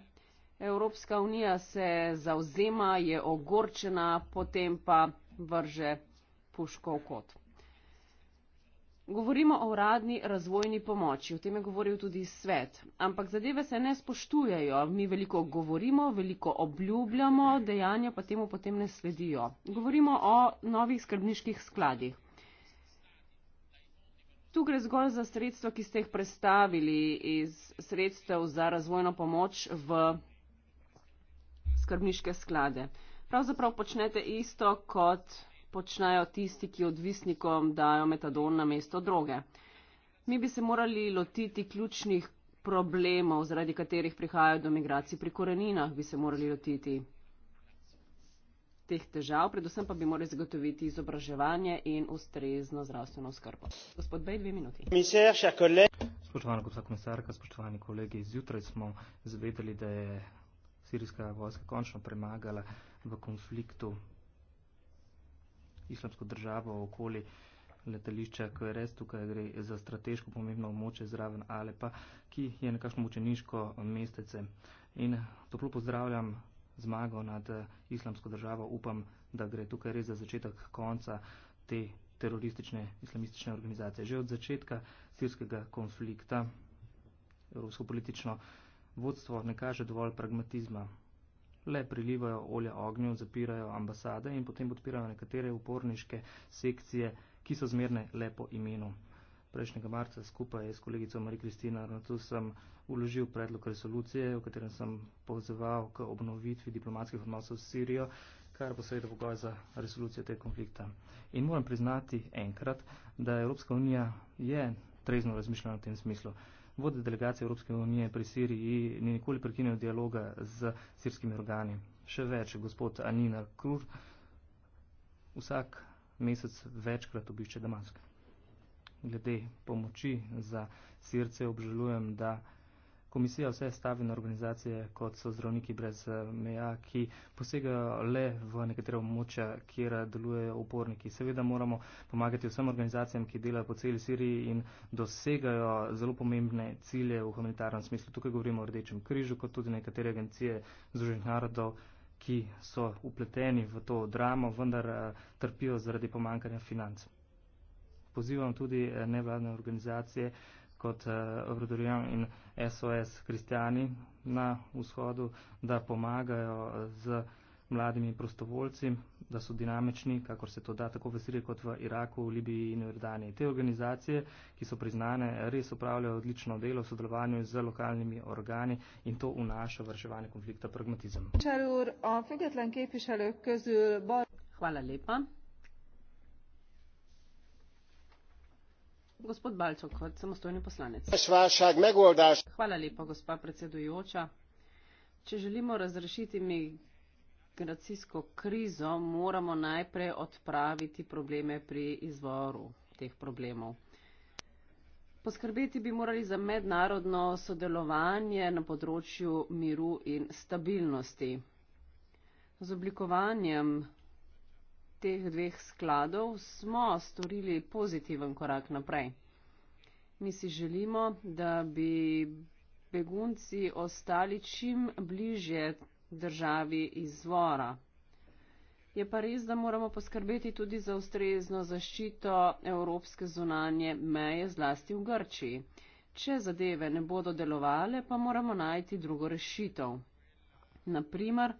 Evropska unija se zauzema, je ogorčena, potem pa vrže puško v kot. Govorimo o uradni razvojni pomoči, o tem je govoril tudi svet, ampak zadeve se ne spoštujejo. Mi veliko govorimo, veliko obljubljamo, dejanja pa temu potem ne sledijo. Govorimo o novih skrbniških skladih. Tu gre zgolj za sredstva, ki ste jih predstavili iz sredstev za razvojno pomoč v skrbniške sklade. Pravzaprav počnete isto kot počnejo tisti, ki odvisnikom dajo metadon na mesto droge. Mi bi se morali lotiti ključnih problemov, zaradi katerih prihajajo do migracij pri koreninah, bi se morali lotiti teh težav, predvsem pa bi morali zagotoviti izobraževanje in ustrezno zdravstveno skrbo. Gospod Bej, dve minuti. Spoštovana gospa komisarka, spoštovani kolegi, zjutraj smo zvedeli, da je sirijska vojska končno premagala v konfliktu islamsko državo okoli letališča, ki je res tukaj gre za strateško pomembno območje zraven Alepa, ki je nekakšno mučeniško mestece. In toplo pozdravljam zmago nad eh, islamsko državo. Upam, da gre tukaj res za začetek konca te teroristične islamistične organizacije. Že od začetka sirskega konflikta evropsko politično vodstvo ne kaže dovolj pragmatizma le prilivajo olje ognju, zapirajo ambasade in potem podpirajo nekatere uporniške sekcije, ki so zmerne lepo imenu. Prejšnjega marca skupaj s kolegico Marijo Kristina Arnato sem uložil predlog resolucije, v katerem sem pozval k obnovitvi diplomatskih odnosov s Sirijo, kar bo seveda pogoj za resolucijo tega konflikta. In moram priznati enkrat, da Evropska unija je trezno razmišljala v tem smislu vodi delegacije Evropske unije pri Siriji ni nikoli prekinil dialoga z sirskimi organi. Še več, gospod Anina Krur vsak mesec večkrat obišče Damask. Glede pomoči za Sirce obžalujem, da komisija vse stavi na organizacije, kot so zdravniki brez eh, meja, ki posegajo le v nekatera območja, kjer delujejo uporniki. Seveda moramo pomagati vsem organizacijam, ki delajo po celi Siriji in dosegajo zelo pomembne cilje v humanitarnem smislu. Tukaj govorimo o Rdečem križu, kot tudi nekatere agencije Združenih narodov ki so upleteni v to dramo, vendar eh, trpijo zaradi pomankanja financ. Pozivam tudi eh, nevladne organizacije, kot eh, obrodorijam in SOS kristijani na vzhodu, da pomagajo z mladimi prostovoljci, da so dinamični, kakor se to da, tako v Siriji kot v Iraku, v Libiji in v Jordaniji. Te organizacije, ki so priznane, res upravljajo odlično delo v sodelovanju z lokalnimi organi in to vnaša v reševanje konflikta pragmatizem. Hvala lepa. Gospod Balčo, kot samostojni poslanec. Hvala lepa, gospa predsedujoča. Če želimo razrešiti migracijsko krizo, moramo najprej odpraviti probleme pri izvoru teh problemov. Poskrbeti bi morali za mednarodno sodelovanje na področju miru in stabilnosti. Z oblikovanjem teh dveh skladov smo storili pozitiven korak naprej. Mi si želimo, da bi begunci ostali čim bliže državi izvora. Je pa res, da moramo poskrbeti tudi za ustrezno zaščito evropske zunanje meje zlasti v Grčiji. Če zadeve ne bodo delovale, pa moramo najti drugo rešitev. Naprimer,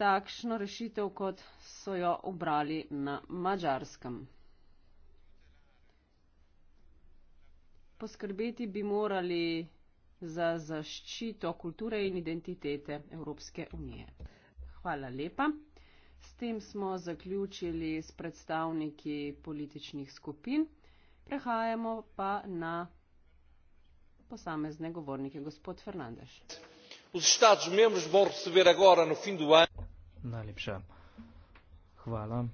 takšno rešitev, kot so jo obrali na mačarskem. Poskrbeti bi morali za zaščito kulture in identitete Evropske unije. Hvala lepa. S tem smo zaključili s predstavniki političnih skupin. Prehajamo pa na posamezne govornike. Gospod Fernandez. Najlepša. Hvala.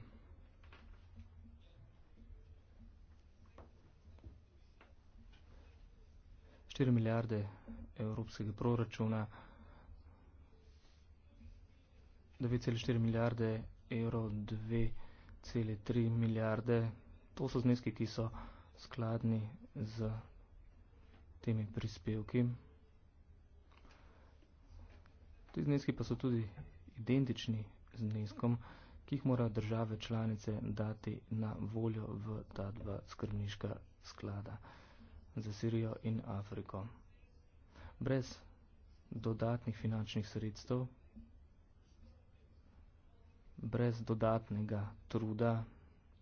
Štiri milijarde evropskega proračuna, 9,4 milijarde evrov, 2,3 milijarde. To so zneski, ki so skladni z temi prispevki. Ti zneski pa so tudi identični zneskom, ki jih mora države članice dati na voljo v ta dva skrbniška sklada za Sirijo in Afriko. Brez dodatnih finančnih sredstev, brez dodatnega truda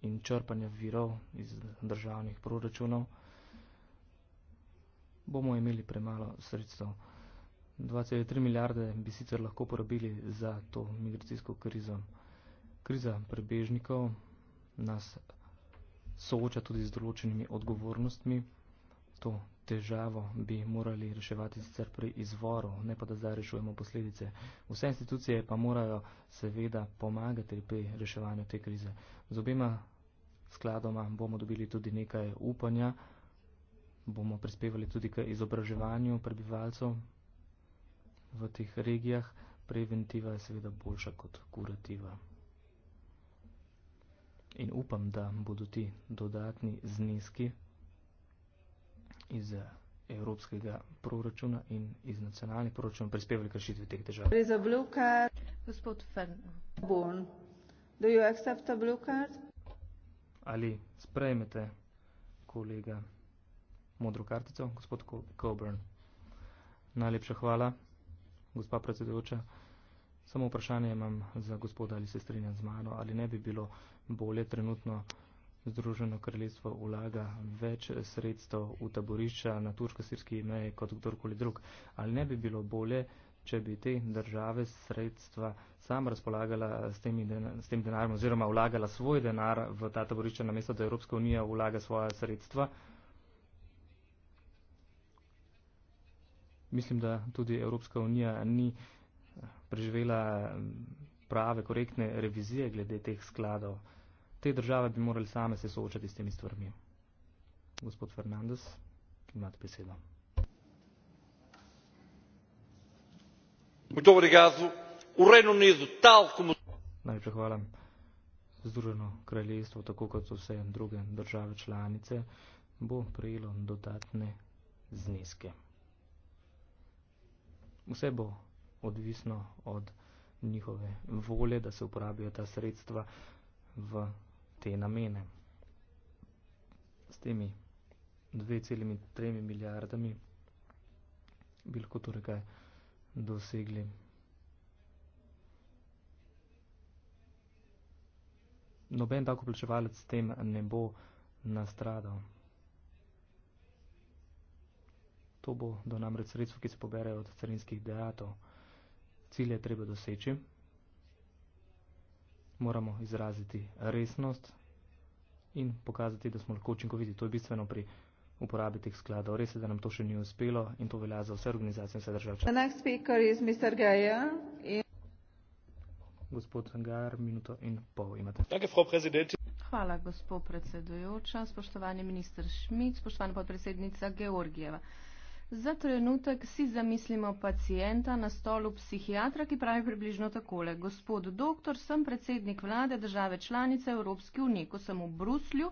in črpanja virov iz državnih proračunov, bomo imeli premalo sredstev. 2,3 milijarde bi sicer lahko porabili za to migracijsko krizo. Kriza prebežnikov nas sooča tudi z določenimi odgovornostmi. To težavo bi morali reševati sicer pri izvoru, ne pa da zdaj rešujemo posledice. Vse institucije pa morajo seveda pomagati pri reševanju te krize. Z obema skladoma bomo dobili tudi nekaj upanja, bomo prispevali tudi k izobraževanju prebivalcev, v teh regijah, preventiva je seveda boljša kot kurativa. In upam, da bodo ti dodatni zneski iz eh, evropskega proračuna in iz nacionalnih proračuna prispevali k rešitvi teh držav. Ali sprejmete, kolega, modro kartico, gospod Coburn? Najlepša hvala gospa predsedujoča. Samo vprašanje imam za gospoda, ali se strinja z mano, ali ne bi bilo bolje trenutno Združeno kraljestvo vlaga več sredstev v taborišča na turško-sirski meji kot kdorkoli drug. Ali ne bi bilo bolje, če bi te države sredstva sama razpolagala s, temi, s tem denarjem oziroma vlagala svoj denar v ta taborišča, namesto da Evropska unija vlaga svoja sredstva? mislim, da tudi Evropska unija ni eh, preživela eh, prave, korektne revizije glede teh skladov. Te države bi morali same se soočati s temi stvarmi. Gospod Fernandez, imate besedo. Najprej hvala Združeno kraljestvo, tako kot so vse druge države članice, bo prejelo dodatne zneske vse bo odvisno od njihove volje, da se uporabijo ta sredstva v te namene. S temi 2,3 milijardami bi lahko torej kaj dosegli. Noben davkoplačevalec s tem ne bo nastradal. To bo do namreč sredstvo, ki se poberajo od carinskih dejatov. Cilje treba doseči. Moramo izraziti resnost in pokazati, da smo lahko učinkoviti. To je bistveno pri uporabi teh skladov. Res je, da nam to še ni uspelo in to velja za vse organizacije in vse države. In... Gospod Gar, minuto in pol imate. Hvala, gospod predsedujoča, spoštovani minister Šmit, spoštovana podpredsednica Georgijeva. Za trenutek si zamislimo pacijenta na stolu psihiatra, ki pravi približno takole. Gospod doktor, sem predsednik vlade države članice Evropske unije, ko sem v Bruslju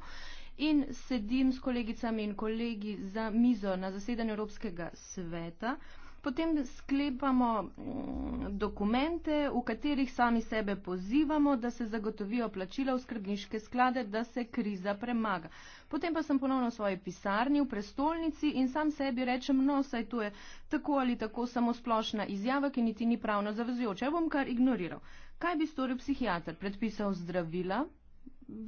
in sedim s kolegicami in kolegi za mizo na zasedanju Evropskega sveta. Potem sklepamo mm, dokumente, v katerih sami sebe pozivamo, da se zagotovijo plačila v skrbniške sklade, da se kriza premaga. Potem pa sem ponovno v svoji pisarni, v prestolnici in sam sebi rečem, no, saj to je tako ali tako samo splošna izjava, ki niti ni pravno zavezujoča. Jo ja bom kar ignoriral. Kaj bi storil psihiater? Predpisal zdravila?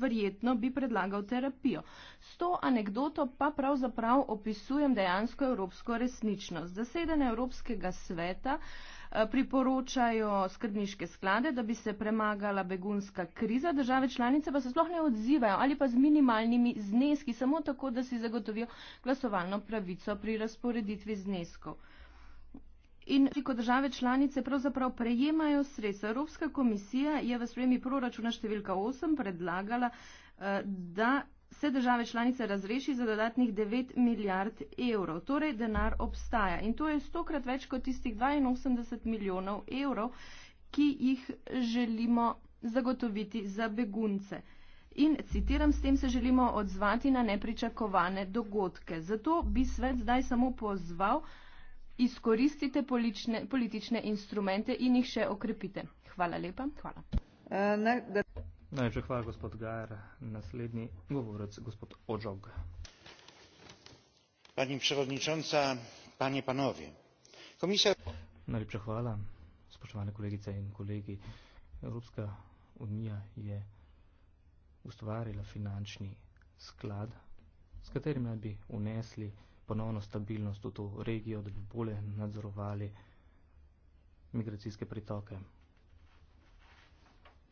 verjetno bi predlagal terapijo. S to anegdoto pa pravzaprav opisujem dejansko evropsko resničnost. Zasedene Evropskega sveta eh, priporočajo skrbniške sklade, da bi se premagala begunska kriza, države članice pa se sploh ne odzivajo ali pa z minimalnimi zneski, samo tako, da si zagotovijo glasovalno pravico pri razporeditvi zneskov in ko države članice pravzaprav prejemajo sredstva. Evropska komisija je v spremi proračuna številka 8 predlagala, eh, da se države članice razreši za dodatnih 9 milijard evrov. Torej, denar obstaja in to je stokrat več kot tistih 82 milijonov evrov, ki jih želimo zagotoviti za begunce. In citiram, s tem se želimo odzvati na nepričakovane dogodke. Zato bi svet zdaj samo pozval, izkoristite politične, politične instrumente in jih še okrepite. Hvala lepa. Hvala. Eh, Najprej hvala, gospod Gajer. Naslednji govorec, gospod Ožog. Pani predsednica, panje panovi. Komisija... Najlepša hvala, spoštovane kolegice in kolegi. Evropska unija je ustvarila finančni sklad, s katerim naj bi unesli ponovno stabilnost v to regijo, da bi bolje nadzorovali migracijske pritoke.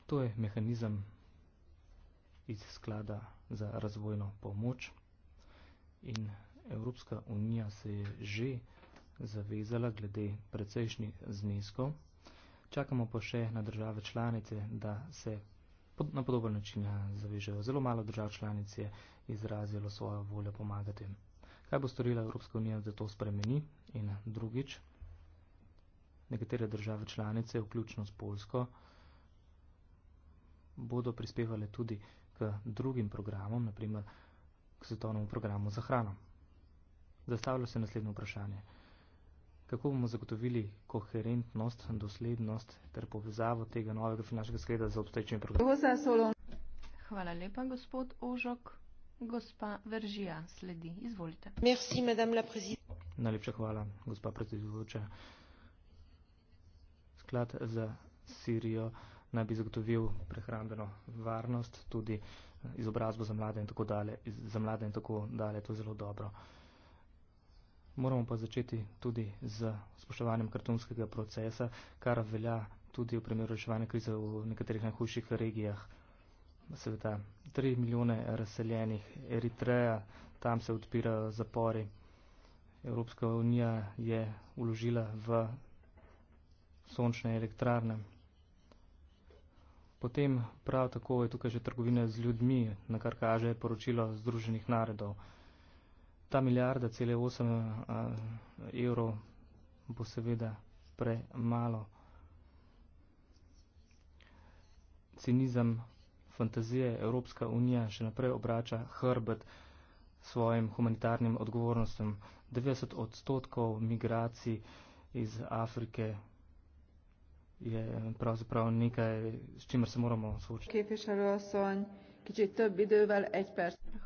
To je mehanizem iz sklada za razvojno pomoč in Evropska unija se je že zavezala glede precejšnjih zneskov. Čakamo pa še na države članice, da se na podoben način zavežejo. Zelo malo držav članice je izrazilo svojo voljo pomagati. Kaj bo storila Evropska unija, da to spremeni? In drugič, nekatere države članice, vključno s Polsko, bodo prispevale tudi k drugim programom, naprimer k svetovnemu programu za hrano. Zastavlja se naslednje vprašanje. Kako bomo zagotovili koherentnost, doslednost ter povezavo tega novega finančnega skleda z obstoječimi programi? Hvala lepa, gospod Ožok. Gospa Veržija sledi. Izvolite. Merci, Najlepša hvala, gospa predsedujoča. Sklad za Sirijo naj bi zagotovil prehrambeno varnost, tudi eh, izobrazbo za mlade in tako dalje. Za mlade in tako dalje to je zelo dobro. Moramo pa začeti tudi z spoštovanjem kartonskega procesa, kar velja tudi v primeru reševanja krize v nekaterih najhujših regijah seveda 3 milijone razseljenih Eritreja, tam se odpirajo zapori. Evropska unija je uložila v sončne elektrarne. Potem prav tako je tukaj že trgovina z ljudmi, na kar kaže poročilo Združenih narodov. Ta milijarda, cele 8 eh, evrov bo seveda premalo. Cinizem fantazije Evropska unija še naprej obrača hrbet svojim humanitarnim odgovornostem. 90 odstotkov migracij iz Afrike je pravzaprav nekaj, s čimer se moramo soočiti.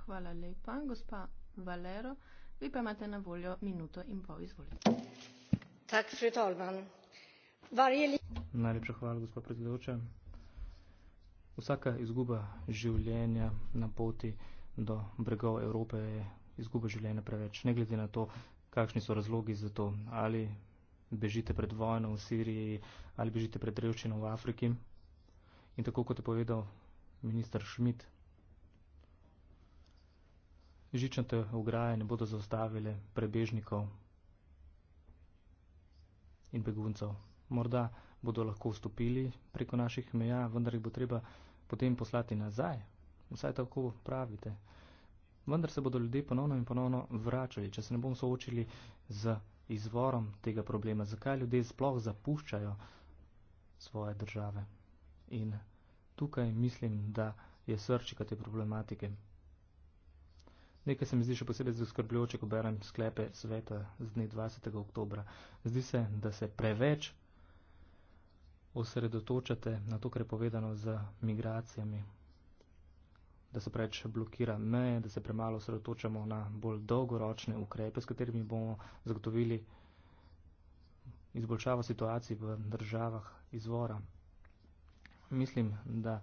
Hvala lepa, gospa Valero. Vi pa imate na voljo minuto in pol, izvolite. Tak, Najlepša hvala, gospod predsedujoča. Vsaka izguba življenja na poti do bregov Evrope je izguba življenja preveč. Ne glede na to, kakšni so razlogi za to, ali bežite pred vojno v Siriji, ali bežite pred revščino v Afriki. In tako kot je povedal minister Schmidt, žičnate ograje ne bodo zaustavile prebežnikov in beguncev. Morda bodo lahko vstopili preko naših meja, vendar jih bo treba potem poslati nazaj, vsaj tako pravite. Vendar se bodo ljudje ponovno in ponovno vračali, če se ne bomo soočili z izvorom tega problema, zakaj ljudje sploh zapuščajo svoje države. In tukaj mislim, da je srčika te problematike. Nekaj se mi zdi še posebej zaskrbljujoče, ko berem sklepe sveta z dne 20. oktobra. Zdi se, da se preveč osredotočate na to, kar je povedano z migracijami, da se preveč blokira meje, da se premalo osredotočamo na bolj dolgoročne ukrepe, s katerimi bomo zagotovili izboljšavo situacij v državah izvora. Mislim, da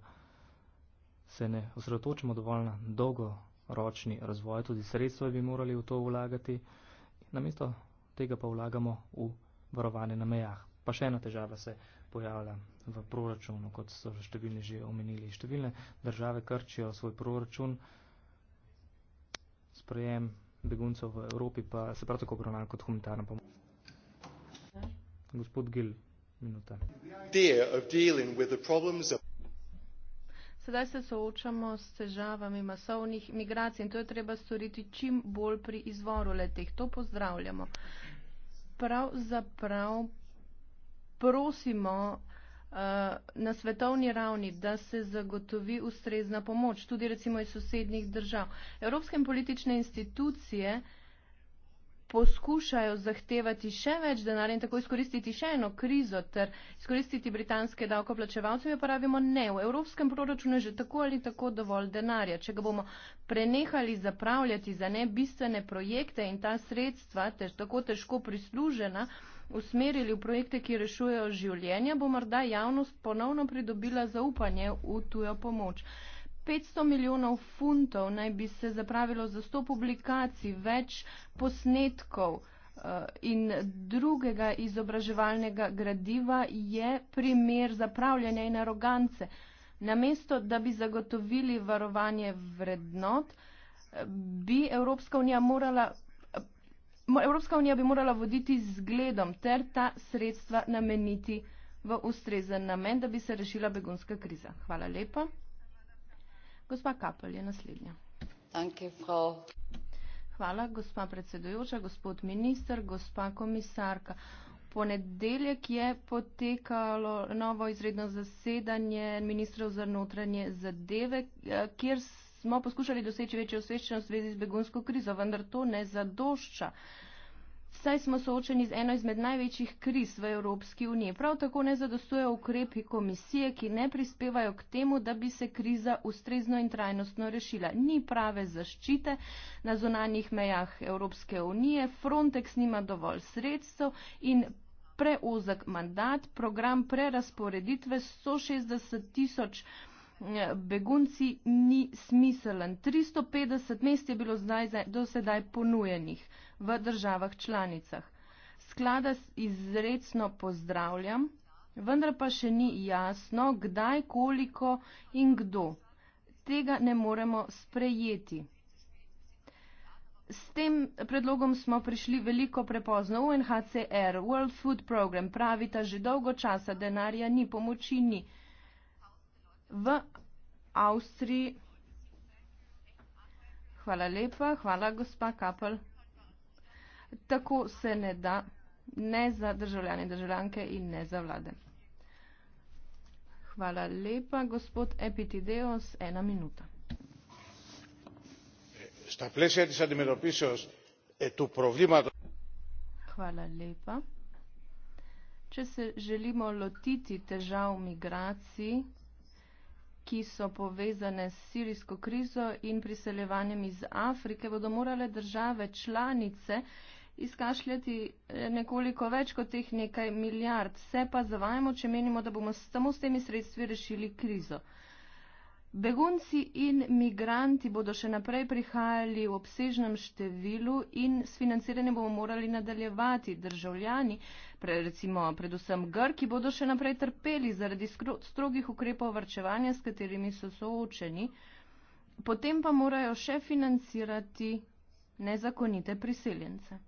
se ne osredotočamo dovolj na dolgoročni razvoj, tudi sredstva bi morali v to vlagati, namesto tega pa vlagamo v varovanje na mejah. Pa še ena težava se pojavlja v proračunu, kot so številni že omenili. Številne države krčijo svoj proračun, sprejem beguncev v Evropi pa se prav tako obravnava kot humanitarna pomoč. Gospod Gil, minuta. Sedaj se soočamo s težavami masovnih migracij in to je treba storiti čim bolj pri izvoru leteh. To pozdravljamo. Pravzaprav prosimo uh, na svetovni ravni, da se zagotovi ustrezna pomoč, tudi recimo iz sosednjih držav. Evropske in politične institucije poskušajo zahtevati še več denarja in tako izkoristiti še eno krizo ter izkoristiti britanske davkoplačevalce, mi pa pravimo ne, v evropskem proračunu je že tako ali tako dovolj denarja. Če ga bomo prenehali zapravljati za nebistvene projekte in ta sredstva, tež, tako težko prislužena, usmerili v projekte, ki rešujejo življenja, bo morda javnost ponovno pridobila zaupanje v tujo pomoč. 500 milijonov funtov naj bi se zapravilo za 100 publikacij, več posnetkov uh, in drugega izobraževalnega gradiva je primer zapravljanja in arogance. Namesto, da bi zagotovili varovanje vrednot, eh, bi Evropska unija morala Evropska unija bi morala voditi zgledom ter ta sredstva nameniti v ustrezen namen, da bi se rešila begunska kriza. Hvala lepa. Gospa Kapel je naslednja. You, Hvala, gospa predsedujoča, gospod minister, gospa komisarka. Ponedeljek je potekalo novo izredno zasedanje ministrov za notranje zadeve, eh, kjer smo poskušali doseči večjo osveščenost v zvezi z begunsko krizo, vendar to ne zadošča. Saj smo soočeni z eno izmed največjih kriz v Evropski uniji. Prav tako ne zadostujejo ukrepi komisije, ki ne prispevajo k temu, da bi se kriza ustrezno in trajnostno rešila. Ni prave zaščite na zonanjih mejah Evropske unije, Frontex nima dovolj sredstev in preozak mandat, program prerasporeditve 160 tisoč. 000 begunci ni smiseln. 350 mest je bilo zdaj, do sedaj ponujenih v državah članicah. Sklada izredno pozdravljam, vendar pa še ni jasno, kdaj, koliko in kdo. Tega ne moremo sprejeti. S tem predlogom smo prišli veliko prepozno. UNHCR, World Food Program pravita že dolgo časa, denarja ni, pomoči ni v Avstriji. Hvala lepa, hvala gospa Kapel. Tako se ne da, ne za državljane državljanke in ne za vlade. Hvala lepa, gospod Epitideos, ena minuta. Hvala lepa. Če se želimo lotiti težav migracij, ki so povezane s sirijsko krizo in priseljevanjem iz Afrike, bodo morale države članice izkašljati eh, nekoliko več kot teh nekaj milijard. Se pa zavajamo, če menimo, da bomo samo s temi sredstvi rešili krizo. Begunci in migranti bodo še naprej prihajali v obsežnem številu in s financiranjem bomo morali nadaljevati. Državljani, pre, recimo predvsem Grki, bodo še naprej trpeli zaradi strogih ukrepov vrčevanja, s katerimi so soočeni, potem pa morajo še financirati nezakonite priseljence.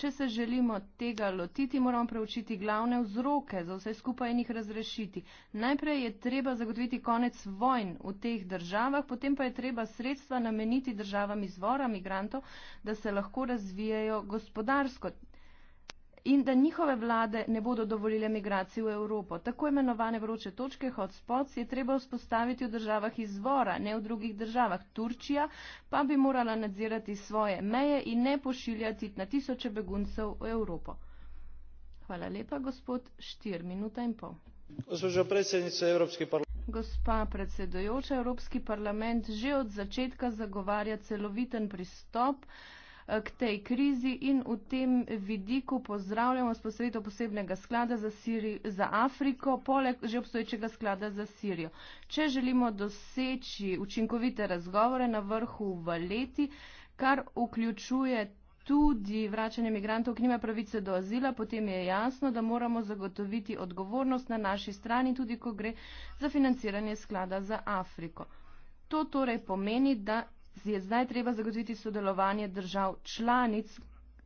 Če se želimo tega lotiti, moramo preučiti glavne vzroke za vse skupaj in jih razrešiti. Najprej je treba zagotoviti konec vojn v teh državah, potem pa je treba sredstva nameniti državam izvora migrantov, da se lahko razvijajo gospodarsko in da njihove vlade ne bodo dovolile migracij v Evropo. Tako imenovane vroče točke hotspots je treba vzpostaviti v državah izvora, ne v drugih državah. Turčija pa bi morala nadzirati svoje meje in ne pošiljati na tisoče beguncev v Evropo. Hvala lepa, gospod. Štir minuta in pol. Gospa predsedujoča, Evropski parlament že od začetka zagovarja celoviten pristop Eh, k tej krizi in v tem vidiku pozdravljamo spostavitev posebnega sklada za, Siri, za Afriko, poleg že obstoječega sklada za Sirijo. Če želimo doseči učinkovite razgovore na vrhu v leti, kar vključuje tudi vračanje migrantov, ki nima pravice do azila, potem je jasno, da moramo zagotoviti odgovornost na naši strani, tudi ko gre za financiranje sklada za Afriko. To torej pomeni, da si je zdaj treba zagotoviti sodelovanje držav članic,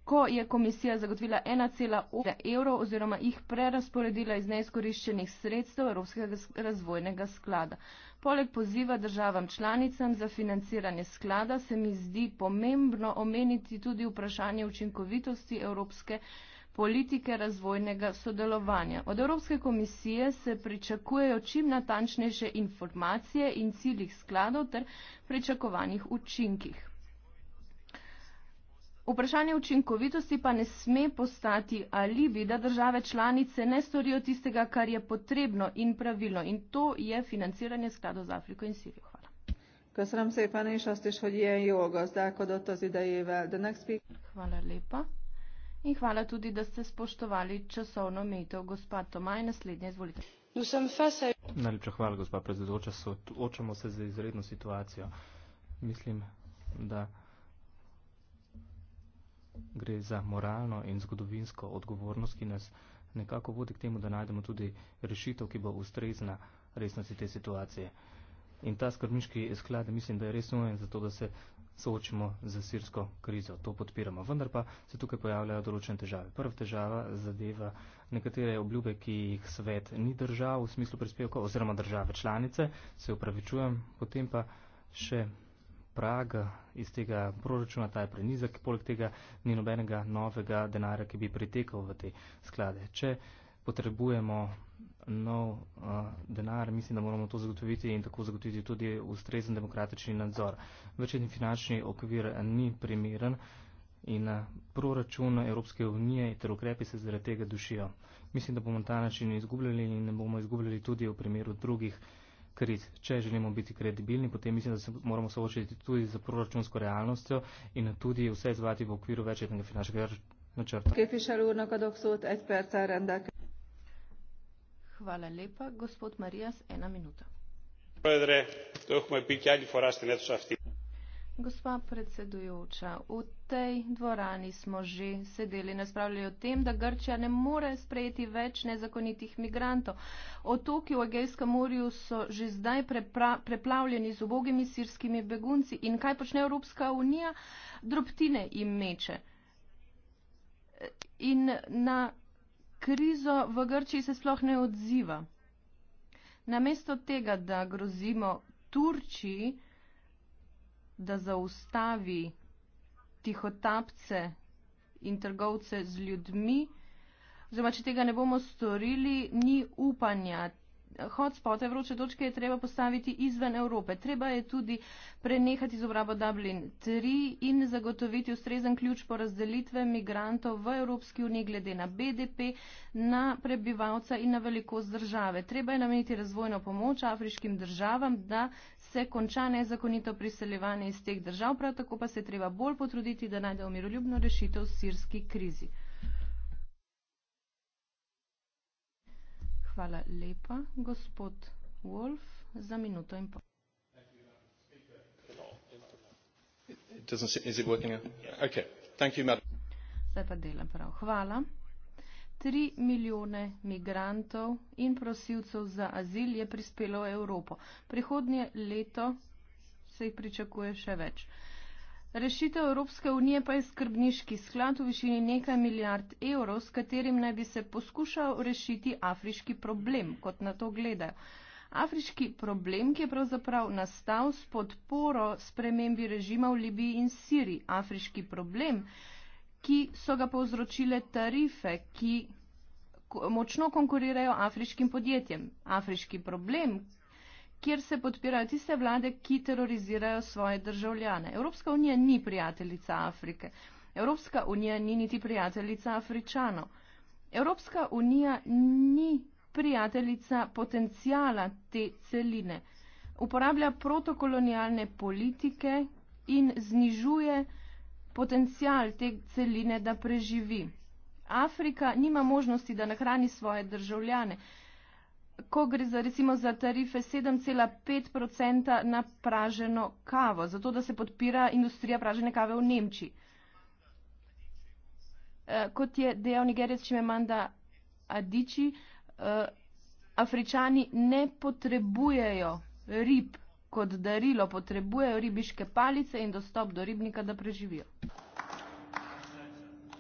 ko je komisija zagotovila 1,8 evrov oziroma jih prerasporedila iz neizkoriščenih sredstev Evropskega razvojnega sklada. Poleg poziva državam članicam za financiranje sklada se mi zdi pomembno omeniti tudi vprašanje učinkovitosti Evropske politike razvojnega sodelovanja. Od Evropske komisije se pričakujejo čim natančnejše informacije in ciljih skladov ter pričakovanih učinkih. Vprašanje učinkovitosti pa ne sme postati alibi, da države članice ne storijo tistega, kar je potrebno in pravilno. In to je financiranje skladov za Afriko in Sirijo. Hvala. Köszönöm szépen, és azt is, hogy ilyen jó gazdálkodott az idejével. The next speaker. Hvala lepa in hvala tudi, da ste spoštovali časovno metov. Gospa Tomaj, naslednje izvolite. Najlepša hvala, gospa predsedoča. Očamo se za izredno situacijo. Mislim, da gre za moralno in zgodovinsko odgovornost, ki nas nekako vodi k temu, da najdemo tudi rešitev, ki bo ustrezna resnosti te situacije. In ta skrbniški sklad, mislim, da je res nujen za to, da se soočimo z sirsko krizo. To podpiramo. Vendar pa se tukaj pojavljajo določene težave. Prva težava zadeva nekatere obljube, ki jih svet ni držal v smislu prispevka oziroma države članice. Se upravičujem. Potem pa še prag iz tega proračuna, ta je prenizak. Poleg tega ni nobenega novega denarja, ki bi pritekal v te sklade. Če potrebujemo nov uh, denar, mislim, da moramo to zagotoviti in tako zagotoviti tudi ustrezen demokratični nadzor. Večetni finančni okvir ni primeren in uh, proračun Evropske unije ter ukrepi se zaradi tega dušijo. Mislim, da bomo na ta način izgubljali in ne bomo izgubljali tudi v primeru drugih kriz. Če želimo biti kredibilni, potem mislim, da se moramo soočiti tudi z proračunsko realnostjo in tudi vse izvati v okviru večetnega finančnega načrta. Képviselő úrnak adok szót, egy perccel rendelkezik. Hvala lepa. Gospod Marijas, ena minuta. Gospa predsedujoča, v tej dvorani smo že sedeli in razpravljali o tem, da Grčija ne more sprejeti več nezakonitih migrantov. Otoki v Egejskem morju so že zdaj prepra, preplavljeni z ubogimi sirskimi begunci in kaj počne Evropska unija? Droptine jim meče. In na krizo v Grčiji se sploh ne odziva. Namesto tega, da grozimo Turčiji, da zaustavi tihotapce in trgovce z ljudmi, oziroma če tega ne bomo storili, ni upanja hotspot, vroče točke je treba postaviti izven Evrope. Treba je tudi prenehati z obrabo Dublin 3 in zagotoviti ustrezen ključ po razdelitve migrantov v Evropski uniji glede na BDP, na prebivalca in na velikost države. Treba je nameniti razvojno pomoč afriškim državam, da se konča nezakonito priseljevanje iz teh držav, prav tako pa se treba bolj potruditi, da najde umiroljubno rešitev sirski krizi. Hvala lepa. Gospod Wolf, za minuto in pol. Zdaj pa delam prav. Hvala. Tri milijone migrantov in prosilcev za azil je prispelo v Evropo. Prihodnje leto se jih pričakuje še več. Rešitev Evropske unije pa je skrbniški sklad v višini nekaj milijard evrov, s katerim naj bi se poskušal rešiti afriški problem, kot na to gledajo. Afriški problem, ki je pravzaprav nastal s podporo spremembi režima v Libiji in Siriji. Afriški problem, ki so ga povzročile tarife, ki močno konkurirajo afriškim podjetjem. Afriški problem, kjer se podpirajo tiste vlade, ki terorizirajo svoje državljane. Evropska unija ni prijateljica Afrike. Evropska unija ni niti prijateljica Afričanov. Evropska unija ni prijateljica potencijala te celine. Uporablja protokolonialne politike in znižuje potencijal te celine, da preživi. Afrika nima možnosti, da nahrani svoje državljane ko gre za, recimo, za tarife 7,5% na praženo kavo, zato da se podpira industrija pražene kave v Nemčiji. Eh, kot je dejal Nigerijec Čimemanda Adiči, eh, Afričani ne potrebujejo rib kot darilo, potrebujejo ribiške palice in dostop do ribnika, da preživijo.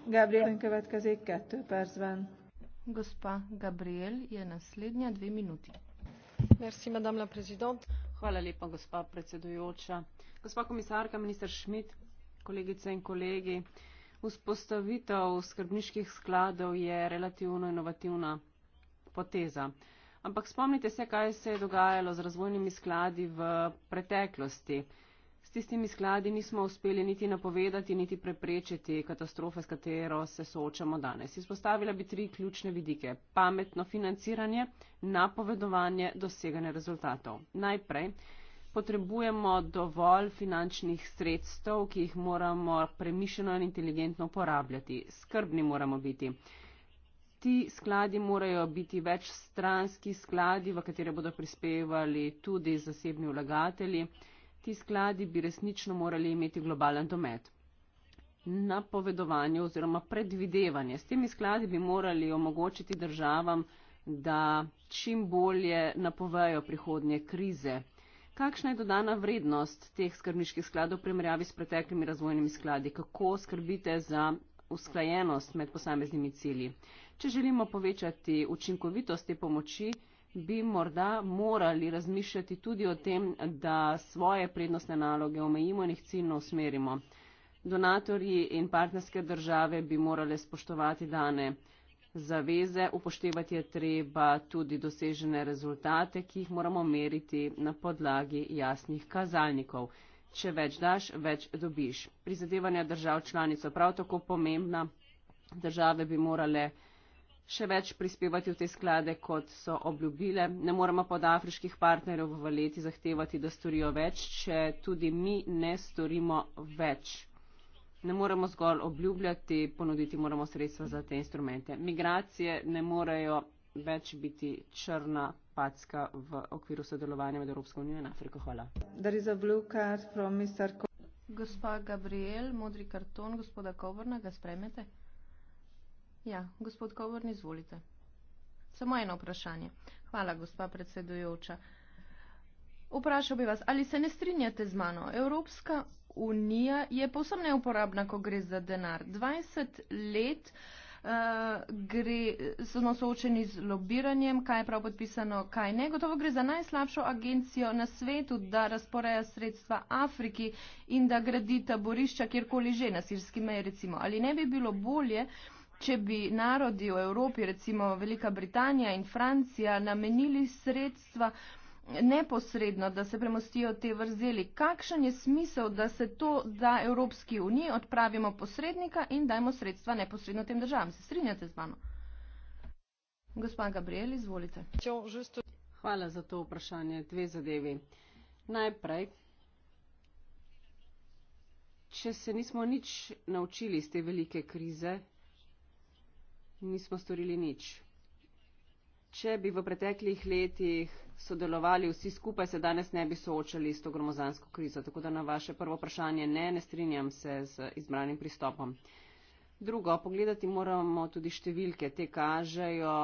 Gabriel, nekaj več kazik, 2 percent. Gospa Gabriel je naslednja dve minuti. Merci, madame la présidente. Hvala lepa, gospa predsedujoča. Gospa komisarka, minister Schmidt, kolegice in kolegi. Vzpostavitev skrbniških skladov je relativno inovativna poteza. Ampak spomnite se, kaj se je dogajalo z razvojnimi skladi v preteklosti. S tistimi skladi nismo uspeli niti napovedati, niti preprečiti katastrofe, s katero se soočamo danes. Izpostavila bi tri ključne vidike. Pametno financiranje, napovedovanje, doseganje rezultatov. Najprej. Potrebujemo dovolj finančnih sredstev, ki jih moramo premišljeno in inteligentno uporabljati. Skrbni moramo biti. Ti skladi morajo biti večstranski skladi, v katere bodo prispevali tudi zasebni vlagatelji ti skladi bi resnično morali imeti globalen domet. Napovedovanje oziroma predvidevanje. S temi skladi bi morali omogočiti državam, da čim bolje napovejo prihodnje krize. Kakšna je dodana vrednost teh skrbniških skladov v primerjavi s preteklimi razvojnimi skladi? Kako skrbite za usklajenost med posameznimi cilji? Če želimo povečati učinkovitost te pomoči, bi morda morali razmišljati tudi o tem, da svoje prednostne naloge omejimo in jih ciljno usmerimo. Donatorji in partnerske države bi morali spoštovati dane zaveze, upoštevati je treba tudi dosežene rezultate, ki jih moramo meriti na podlagi jasnih kazalnikov. Če več daš, več dobiš. Prizadevanja držav članic so prav tako pomembna. Države bi morale še več prispevati v te sklade, kot so obljubile. Ne moremo pa od afriških partnerjev v valeti zahtevati, da storijo več, če tudi mi ne storimo več. Ne moremo zgolj obljubljati, ponuditi moramo sredstva za te instrumente. Migracije ne morejo več biti črna packa v okviru sodelovanja med Evropsko unijo in Afriko. Hvala. Gospa Gabriel, modri karton, gospoda Kovrna, ga spremete? Ja, gospod Kovorn, izvolite. Samo eno vprašanje. Hvala, gospa predsedujoča. Vprašal bi vas, ali se ne strinjate z mano? Evropska unija je povsem neuporabna, ko gre za denar. 20 let uh, gre, smo soočeni z lobiranjem, kaj je prav podpisano, kaj ne. Gotovo gre za najslabšo agencijo na svetu, da razporeja sredstva Afriki in da gradi taborišča kjerkoli že, na sirski meji recimo. Ali ne bi bilo bolje? če bi narodi v Evropi, recimo Velika Britanija in Francija, namenili sredstva neposredno, da se premostijo te vrzeli. Kakšen je smisel, da se to, da Evropski uniji odpravimo posrednika in dajmo sredstva neposredno tem državam? Se strinjate z mano? Gospod Gabriel, izvolite. Hvala za to vprašanje. Dve zadevi. Najprej, če se nismo nič naučili iz te velike krize, nismo storili nič. Če bi v preteklih letih sodelovali vsi skupaj, se danes ne bi soočali s to gromozansko krizo. Tako da na vaše prvo vprašanje ne, ne strinjam se z izbranim pristopom. Drugo, pogledati moramo tudi številke. Te kažejo,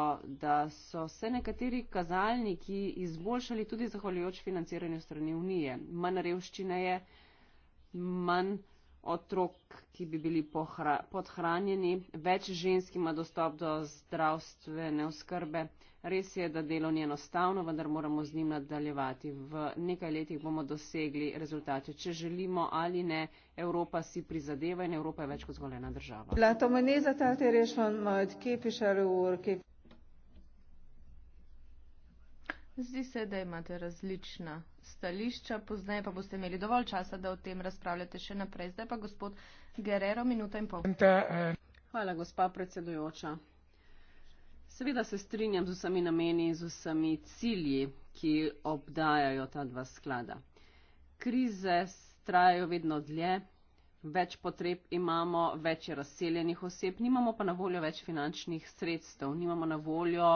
da so se nekateri kazalniki izboljšali tudi zahvaljujoč financiranju strani Unije. Manj revščine je, manj otrok, ki bi bili pohra, podhranjeni, več žensk ima dostop do zdravstvene oskrbe. Res je, da delo ni enostavno, vendar moramo z njim nadaljevati. V nekaj letih bomo dosegli rezultate. Če želimo ali ne, Evropa si prizadeva in Evropa je več kot zgoljena država. Zdi se, da imate različna stališča, pozneje pa boste imeli dovolj časa, da o tem razpravljate še naprej. Zdaj pa gospod Guerrero, minuta in pol. Hvala, gospa predsedujoča. Seveda se strinjam z vsemi nameni in z vsemi cilji, ki obdajajo ta dva sklada. Krize trajajo vedno dlje, več potreb imamo, več je razseljenih oseb, nimamo pa na voljo več finančnih sredstev, nimamo na voljo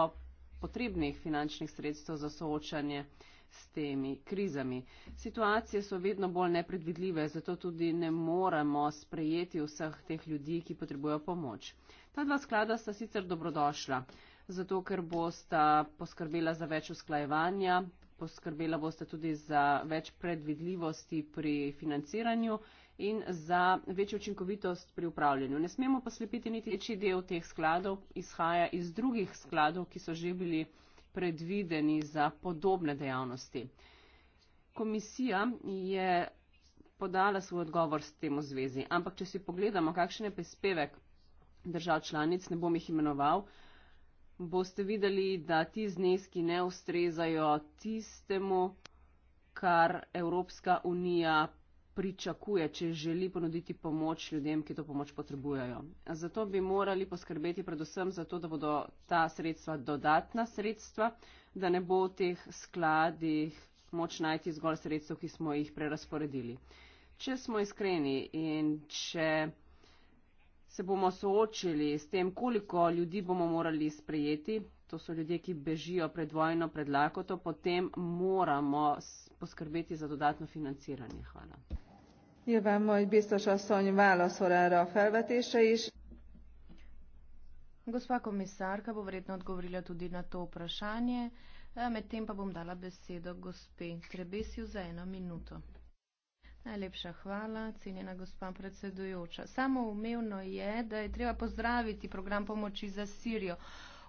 potrebnih finančnih sredstev za soočanje s temi krizami. Situacije so vedno bolj nepredvidljive, zato tudi ne moremo sprejeti vseh teh ljudi, ki potrebujejo pomoč. Ta dva sklada sta sicer dobrodošla, zato ker bosta poskrbela za več usklajevanja, poskrbela boste tudi za več predvidljivosti pri financiranju in za večjo učinkovitost pri upravljanju. Ne smemo pa slepiti niti večji del teh skladov, izhaja iz drugih skladov, ki so že bili predvideni za podobne dejavnosti. Komisija je podala svoj odgovor s tem v zvezi, ampak če si pogledamo, kakšen je prispevek držav članic, ne bom jih imenoval, boste videli, da ti zneski ne ustrezajo tistemu, kar Evropska unija pričakuje, če želi ponuditi pomoč ljudem, ki to pomoč potrebujejo. Zato bi morali poskrbeti predvsem za to, da bodo ta sredstva dodatna sredstva, da ne bo v teh skladih moč najti zgolj sredstev, ki smo jih prerasporedili. Če smo iskreni in če se bomo soočili s tem, koliko ljudi bomo morali sprejeti, to so ljudje, ki bežijo pred vojno, pred lakoto, potem moramo poskrbeti za dodatno financiranje. Hvala nyilván majd biztos asszony válaszol erre a felvetésre is. Gospa komisarka bo verjetno odgovorila tudi na to vprašanje, eh, medtem pa bom dala besedo gospe Trebesju za eno minuto. Najlepša hvala, cenjena gospa predsedujoča. Samo umevno je, da je treba pozdraviti program pomoči za Sirijo.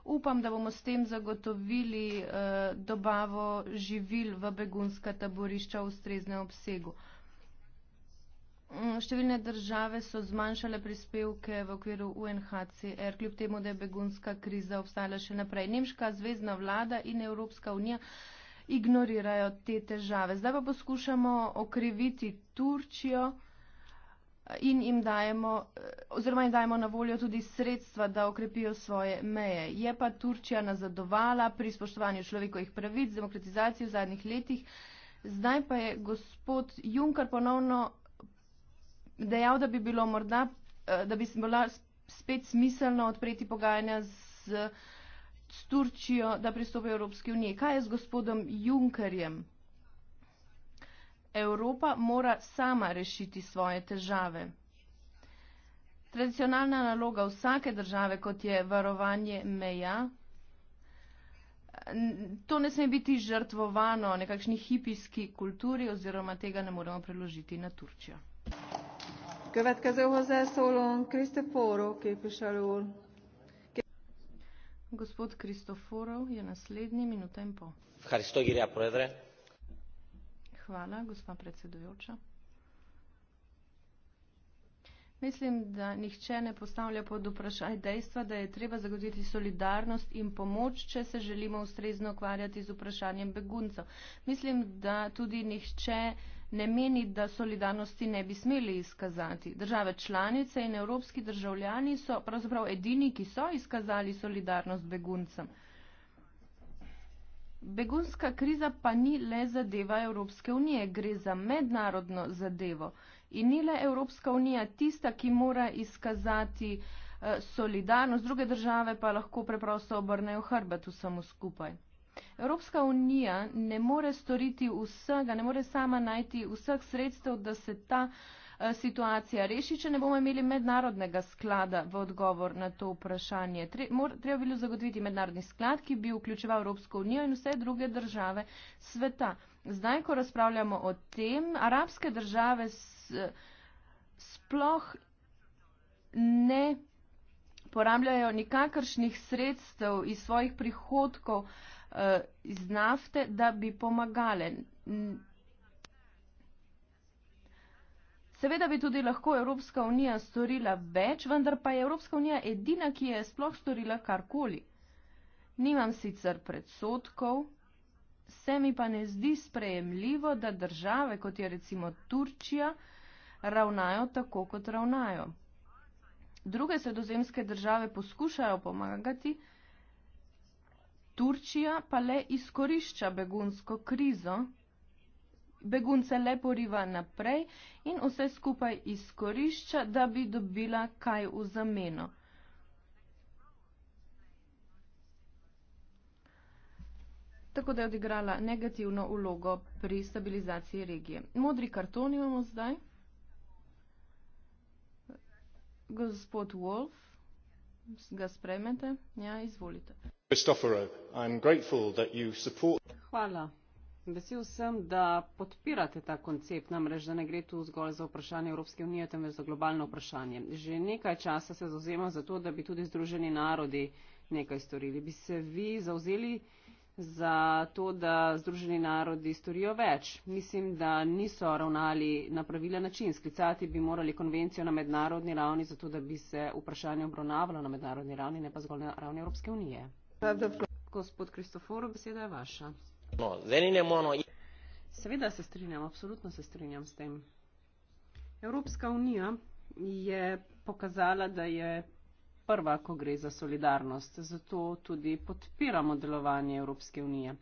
Upam, da bomo s tem zagotovili uh, dobavo živil v begunska taborišča v strezne obsegu. Mm, številne države so zmanjšale prispevke v okviru UNHCR, kljub temu, da je begunska kriza obstajala še naprej. Nemška zvezdna vlada in Evropska unija ignorirajo te težave. Zdaj pa poskušamo okriviti Turčijo eh, in jim dajemo, eh, oziroma jim dajemo na voljo tudi sredstva, da okrepijo svoje meje. Je pa Turčija nazadovala pri spoštovanju človekovih pravic, demokratizaciji v zadnjih letih. Zdaj pa je gospod Juncker ponovno dejal, da bi bilo morda, eh, da bi bila spet smiselno odpreti pogajanja z, z Turčijo, da pristopi Evropski uniji. Kaj je z gospodom Junkerjem? Evropa mora sama rešiti svoje težave. Tradicionalna naloga vsake države, kot je varovanje meja, to ne sme biti žrtvovano nekakšni hipijski kulturi oziroma tega ne moremo preložiti na Turčijo. Következő hozzászólónk, Krisztoforo képviselő úr. Gospod Krisztoforo, je naslednji minutempo. Hristogirja, predre. Hvala, gospa predsedujoča. Mislim, da nihče ne postavlja pod vprašaj dejstva, da je treba zagotoviti solidarnost in pomoč, če se želimo ustrezno ukvarjati z vprašanjem beguncev. Mislim, da tudi nihče ne meni, da solidarnosti ne bi smeli izkazati. Države članice in evropski državljani so pravzaprav edini, ki so izkazali solidarnost beguncem. Begunska kriza pa ni le zadeva Evropske unije, gre za mednarodno zadevo. In ni le Evropska unija tista, ki mora izkazati eh, solidarnost, druge države pa lahko preprosto obrnejo hrbet vsemu skupaj. Evropska unija ne more storiti vsega, ne more sama najti vseh sredstev, da se ta eh, situacija reši, če ne bomo imeli mednarodnega sklada v odgovor na to vprašanje. Treba bilo zagotoviti mednarodni sklad, ki bi vključeval Evropsko unijo in vse druge države sveta. Zdaj, ko razpravljamo o tem, arabske države sploh ne porabljajo nikakršnih sredstev iz svojih prihodkov, uh, iz nafte, da bi pomagale. Seveda bi tudi lahko Evropska unija storila več, vendar pa je Evropska unija edina, ki je sploh storila karkoli. Nimam sicer predsotkov, se mi pa ne zdi sprejemljivo, da države, kot je recimo Turčija, ravnajo tako, kot ravnajo. Druge sredozemske države poskušajo pomagati, Turčija pa le izkorišča begunsko krizo, begunce le poriva naprej in vse skupaj izkorišča, da bi dobila kaj v zameno. Tako da je odigrala negativno ulogo pri stabilizaciji regije. Modri karton imamo zdaj. Gospod Wolf, ga sprejmete? Ja, izvolite christofferou i am grateful that you support. Hvala. Vesel sem, da podpirate ta koncept, namreč, da ne gre tu zgolj za vprašanje Evropske unije, temveč za globalno vprašanje. Že nekaj časa se zauzemam za to, da bi tudi Združeni narodi nekaj storili. Bi se vi zauzeli za to, da Združeni narodi storijo več? Mislim, da niso ravnali na pravilen način. Sklicati bi morali konvencijo na mednarodni ravni, zato da bi se vprašanje obravnavalo na mednarodni ravni, ne pa zgolj na ravni Evropske unije. Gospod Kristoforo, beseda je vaša. No, zanimamo. Seveda se strinjam, absolutno se strinjam s tem. Evropska unija je pokazala, da je prva, ko gre za solidarnost. Zato tudi podpiramo delovanje Evropske unije.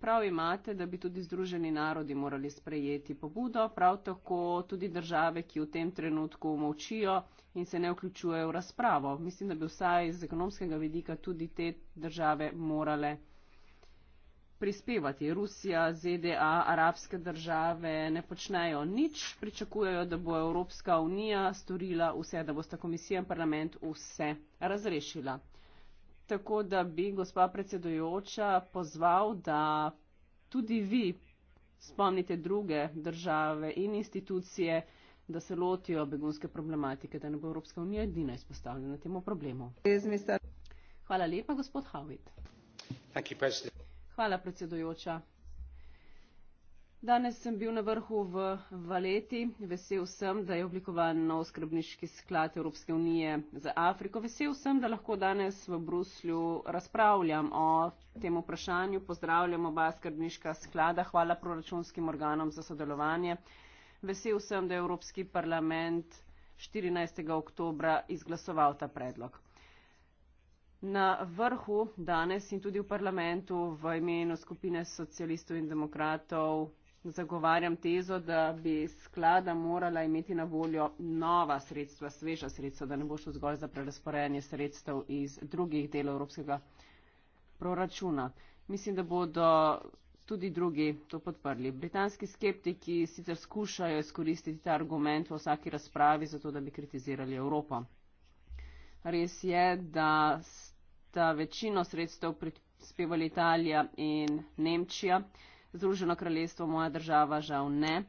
Prav imate, da bi tudi Združeni narodi morali sprejeti pobudo, prav tako tudi države, ki v tem trenutku močijo in se ne vključujejo v razpravo. Mislim, da bi vsaj iz ekonomskega vidika tudi te države morale prispevati. Rusija, ZDA, arabske države ne počnejo nič, pričakujejo, da bo Evropska unija storila vse, da bosta komisija in parlament vse razrešila tako da bi gospa predsedujoča pozval, da tudi vi spomnite druge države in institucije, da se lotijo begunske problematike, da ne bo Evropska unija edina izpostavljena temu problemu. Hvala lepa, gospod Havit. Hvala predsedujoča. Danes sem bil na vrhu v Valeti. Vesel sem, da je oblikovan nov skrbniški sklad Evropske unije za Afriko. Vesel sem, da lahko danes v Bruslju razpravljam o tem vprašanju. Pozdravljam oba skrbniška sklada. Hvala proračunskim organom za sodelovanje. Vesel sem, da je Evropski parlament 14. oktober izglasoval ta predlog. Na vrhu danes in tudi v parlamentu v imenu skupine socialistov in demokratov zagovarjam tezo, da bi sklada morala imeti na voljo nova sredstva, sveža sredstva, da ne bo šlo zgolj za prerasporejanje sredstev iz drugih delov Evropskega proračuna. Mislim, da bodo tudi drugi to podprli. Britanski skeptiki sicer skušajo izkoristiti ta argument v vsaki razpravi, zato da bi kritizirali Evropo. Res je, da sta večino sredstev prispevali Italija in Nemčija. Združeno kraljestvo, moja država žal ne.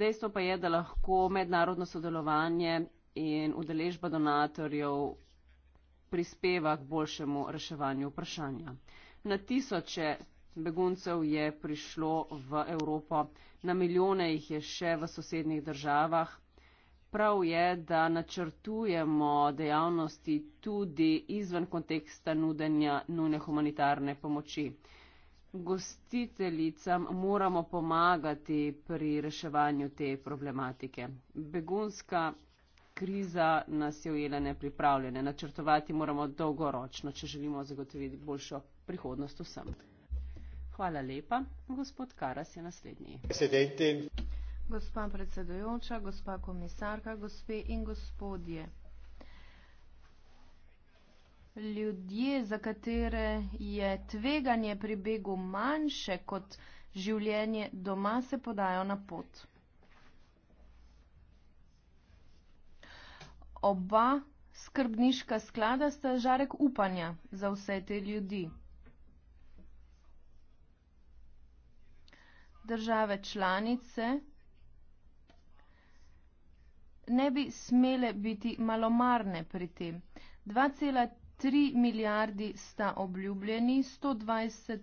Dejstvo pa je, da lahko mednarodno sodelovanje in udeležba donatorjev prispeva k boljšemu reševanju vprašanja. Na tisoče beguncev je prišlo v Evropo, na milijone jih je še v sosednjih državah. Prav je, da načrtujemo dejavnosti tudi izven konteksta nudenja nujne humanitarne pomoči gostiteljicam moramo pomagati pri reševanju te problematike. Begunska kriza nas je ujela nepripravljene. Načrtovati moramo dolgoročno, če želimo zagotoviti boljšo prihodnost vsem. Hvala lepa. Gospod Karas je naslednji. Gospa predsedujoča, gospa komisarka, gospe in gospodje ljudje, za katere je tveganje pri begu manjše kot življenje doma, se podajo na pot. Oba skrbniška sklada sta žarek upanja za vse te ljudi. Države članice ne bi smele biti malomarne pri tem. 3 milijardi sta obljubljeni, 120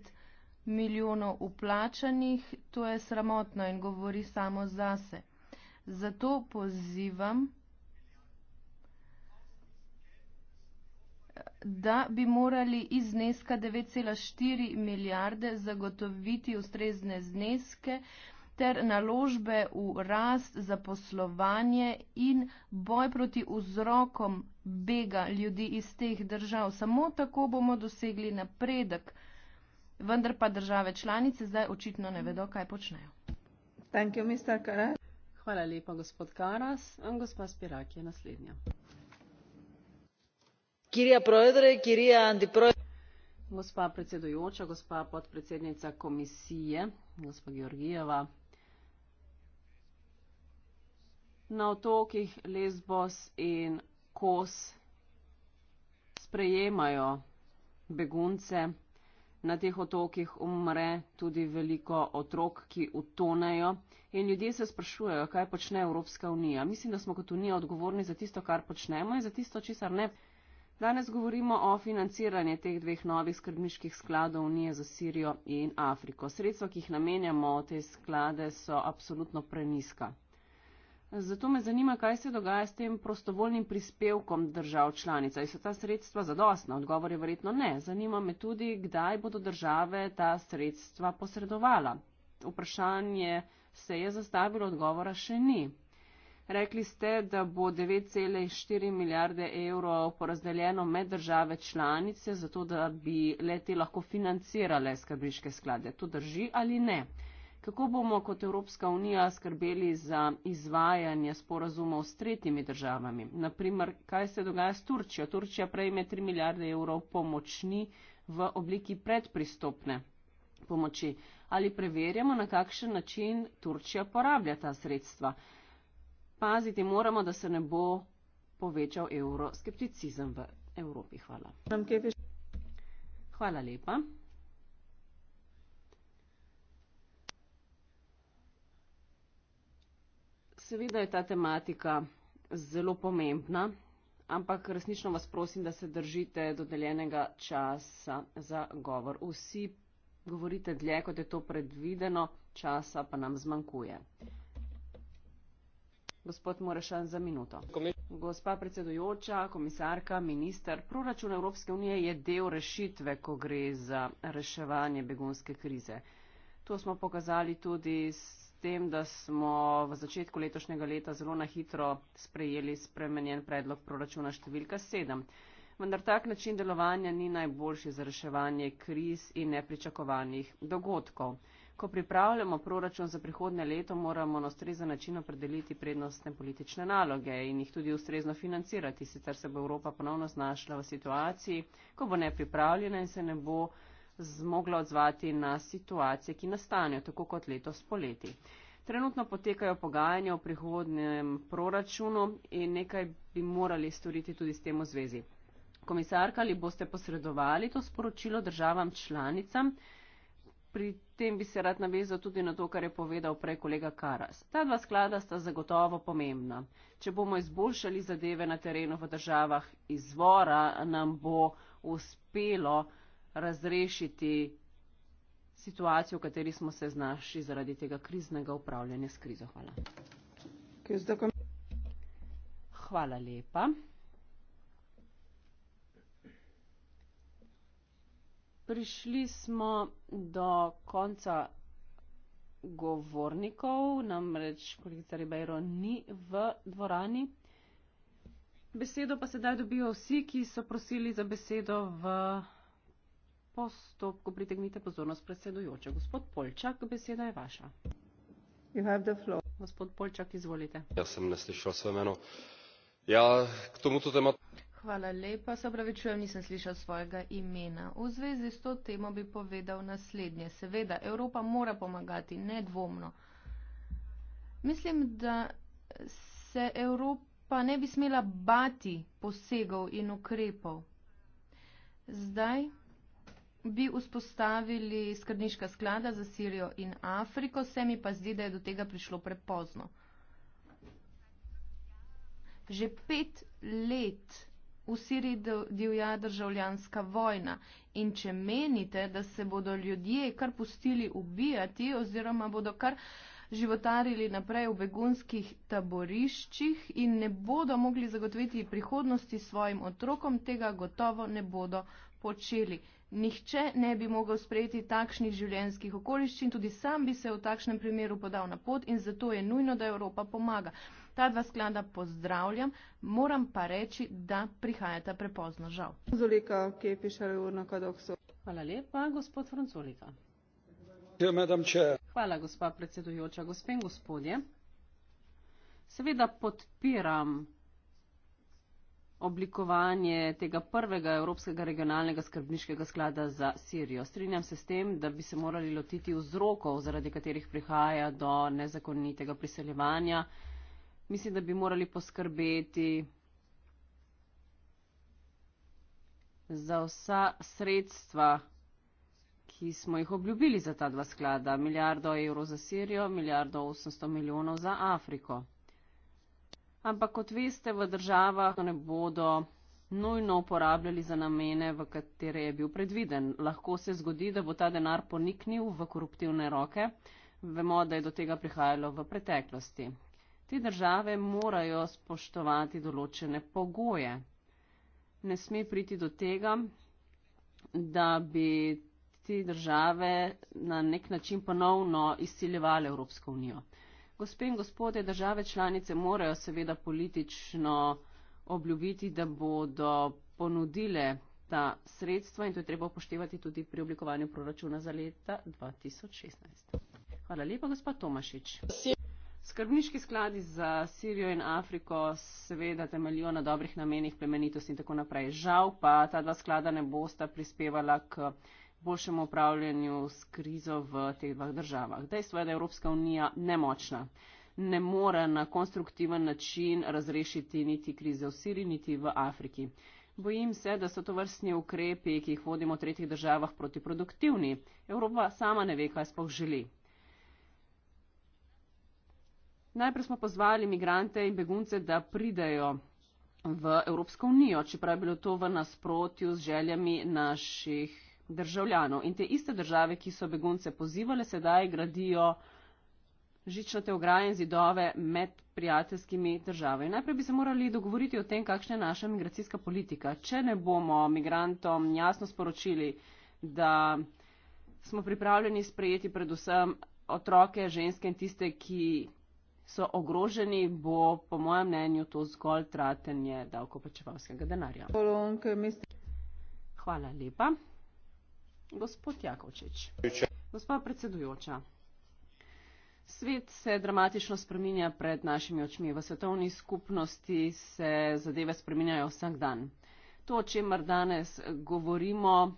milijonov uplačanih, to je sramotno in govori samo zase. Zato pozivam, da bi morali iz zneska 9,4 milijarde zagotoviti ustrezne zneske ter naložbe v rast za poslovanje in boj proti vzrokom bega ljudi iz teh držav. Samo tako bomo dosegli napredek. Vendar pa države članice zdaj očitno ne vedo, kaj počnejo. You, Hvala lepa, gospod Karas. Gospa Spirak je naslednja. Kirija Projedre, Kirija Antiprojedre. Gospa predsedujoča, gospa podpredsednica komisije, gospa Georgijeva. Na otokih Lesbos in skos sprejemajo begunce. Na teh otokih umre tudi veliko otrok, ki utonejo. In ljudje se sprašujejo, kaj počne Evropska unija. Mislim, da smo kot unija odgovorni za tisto, kar počnemo in za tisto, česar ne. Danes govorimo o financiranju teh dveh novih skrbniških skladov Unije za Sirijo in Afriko. Sredstva, ki jih namenjamo v te sklade, so apsolutno preniska. Zato me zanima, kaj se dogaja s tem prostovoljnim prispevkom držav članica. Je so ta sredstva zadostna? Odgovor je verjetno ne. Zanima me tudi, kdaj bodo države ta sredstva posredovala. Vprašanje se je zastavilo, odgovora še ni. Rekli ste, da bo 9,4 milijarde evrov porazdeljeno med države članice, zato da bi le te lahko financirale skrbiške sklade. To drži ali ne? Kako bomo kot Evropska unija skrbeli za izvajanje sporazumov s tretjimi državami? Naprimer, kaj se dogaja s Turčijo? Turčija prejme 3 milijarde evrov pomočni v obliki predpristopne pomoči. Ali preverjamo, na kakšen način Turčija porablja ta sredstva? Paziti moramo, da se ne bo povečal euroskepticizem v Evropi. Hvala. Hvala lepa. Seveda je ta tematika zelo pomembna, ampak resnično vas prosim, da se držite dodeljenega časa za govor. Vsi govorite dlje, kot je to predvideno, časa pa nam zmanjkuje. Gospod Morešan, za minuto. Gospa predsedujoča, komisarka, minister, proračun Evropske unije je del rešitve, ko gre za reševanje begunske krize. To smo pokazali tudi s tem, da smo v začetku letošnjega leta zelo na hitro sprejeli spremenjen predlog proračuna številka 7. Vendar tak način delovanja ni najboljši za reševanje kriz in nepričakovanih dogodkov. Ko pripravljamo proračun za prihodne leto, moramo na ustrezen način opredeliti prednostne politične naloge in jih tudi ustrezno financirati, sicer se bo Evropa ponovno znašla v situaciji, ko bo nepripravljena in se ne bo zmogla odzvati na situacije, ki nastanejo, tako kot letos poleti. Trenutno potekajo pogajanja o prihodnem proračunu in nekaj bi morali storiti tudi s tem v zvezi. Komisarka, ali boste posredovali to sporočilo državam članicam? Pri tem bi se rad navezal tudi na to, kar je povedal prej kolega Karas. Ta dva sklada sta zagotovo pomembna. Če bomo izboljšali zadeve na terenu v državah izvora, nam bo uspelo razrešiti situacijo, v kateri smo se znašli zaradi tega kriznega upravljanja s krizo. Hvala. Hvala lepa. Prišli smo do konca govornikov, namreč kolegica Ribeiro ni v dvorani. Besedo pa sedaj dobijo vsi, ki so prosili za besedo v postopku pritegnite pozornost predsedujoče. Gospod Polčak, beseda je vaša. Gospod Polčak, izvolite. Ja, sem neslišal svoje meno. Ja, k tomu to tema. Hvala lepa, se opravičujem, nisem slišal svojega imena. V zvezi s to temo bi povedal naslednje. Seveda, Evropa mora pomagati, nedvomno. Mislim, da se Evropa ne bi smela bati posegov in ukrepov. Zdaj, bi vzpostavili skrbniška sklada za Sirijo in Afriko, se mi pa zdi, da je do tega prišlo prepozno. Že pet let v Siriji divja državljanska vojna in če menite, da se bodo ljudje kar pustili ubijati oziroma bodo kar životarili naprej v begunskih taboriščih in ne bodo mogli zagotoviti prihodnosti svojim otrokom, tega gotovo ne bodo počeli. Nihče ne bi mogel sprejeti takšnih življenjskih okoliščin, tudi sam bi se v takšnem primeru podal na pot in zato je nujno, da Evropa pomaga. Ta dva sklada pozdravljam, moram pa reči, da prihajata prepozno, žal. Hvala lepa, gospod Franculika. Ja, Hvala, gospa predsedujoča, gospe in gospodje. Seveda podpiram oblikovanje tega prvega Evropskega regionalnega skrbniškega sklada za Sirijo. Strinjam se s tem, da bi se morali lotiti vzrokov, zaradi katerih prihaja do nezakonitega priseljevanja. Mislim, da bi morali poskrbeti za vsa sredstva, ki smo jih obljubili za ta dva sklada. Milijardo evrov za Sirijo, milijardo 800 milijonov za Afriko ampak kot veste, v državah ne bodo nujno uporabljali za namene, v katere je bil predviden. Lahko se zgodi, da bo ta denar poniknil v koruptivne roke. Vemo, da je do tega prihajalo v preteklosti. Te države morajo spoštovati določene pogoje. Ne sme priti do tega, da bi te države na nek način ponovno izsiljevali Evropsko unijo gospe in gospode, države članice morajo seveda politično obljubiti, da bodo ponudile ta sredstva in to je treba upoštevati tudi pri oblikovanju proračuna za leta 2016. Hvala lepa, gospa Tomašič. Skrbniški skladi za Sirijo in Afriko seveda temeljijo na dobrih namenih, plemenitosti in tako naprej. Žal pa ta dva sklada ne bosta prispevala k boljšemu upravljanju s krizo v teh dveh državah. Dejstvo je, da je Evropska unija nemočna. Ne more na konstruktiven način razrešiti niti krize v Siriji, niti v Afriki. Bojim se, da so to vrstni ukrepi, ki jih vodimo v tretjih državah, protiproduktivni. Evropa sama ne ve, kaj sploh želi. Najprej smo pozvali imigrante in begunce, da pridejo v Evropsko unijo, čeprav je bilo to v nasprotju z željami naših državljanov. In te iste države, ki so begunce pozivale, sedaj gradijo žičnate ograje in zidove med prijateljskimi državami. Najprej bi se morali dogovoriti o tem, kakšna je naša migracijska politika. Če ne bomo migrantom jasno sporočili, da smo pripravljeni sprejeti predvsem otroke, ženske in tiste, ki so ogroženi, bo po mojem mnenju to zgolj tratenje davkoplačevalskega denarja. Hvala lepa. Gospod Jakovčič. Gospod predsedujoča. Svet se dramatično spreminja pred našimi očmi. V svetovni skupnosti se zadeve spreminjajo vsak dan. To, o čemer danes govorimo,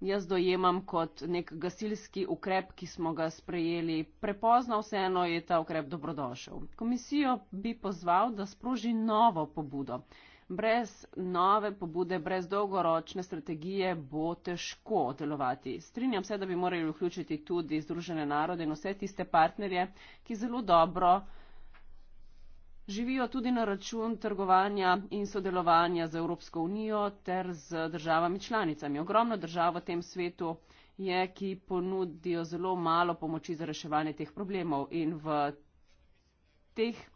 jaz dojemam kot nek gasilski ukrep, ki smo ga sprejeli prepozno, vseeno je ta ukrep dobrodošel. Komisijo bi pozval, da sproži novo pobudo. Brez nove pobude, brez dolgoročne strategije bo težko delovati. Strinjam se, da bi morali vključiti tudi Združene narode in vse tiste partnerje, ki zelo dobro živijo tudi na račun trgovanja in sodelovanja z Evropsko unijo ter z državami članicami. Ogromno držav v tem svetu je, ki ponudijo zelo malo pomoči za reševanje teh problemov in v teh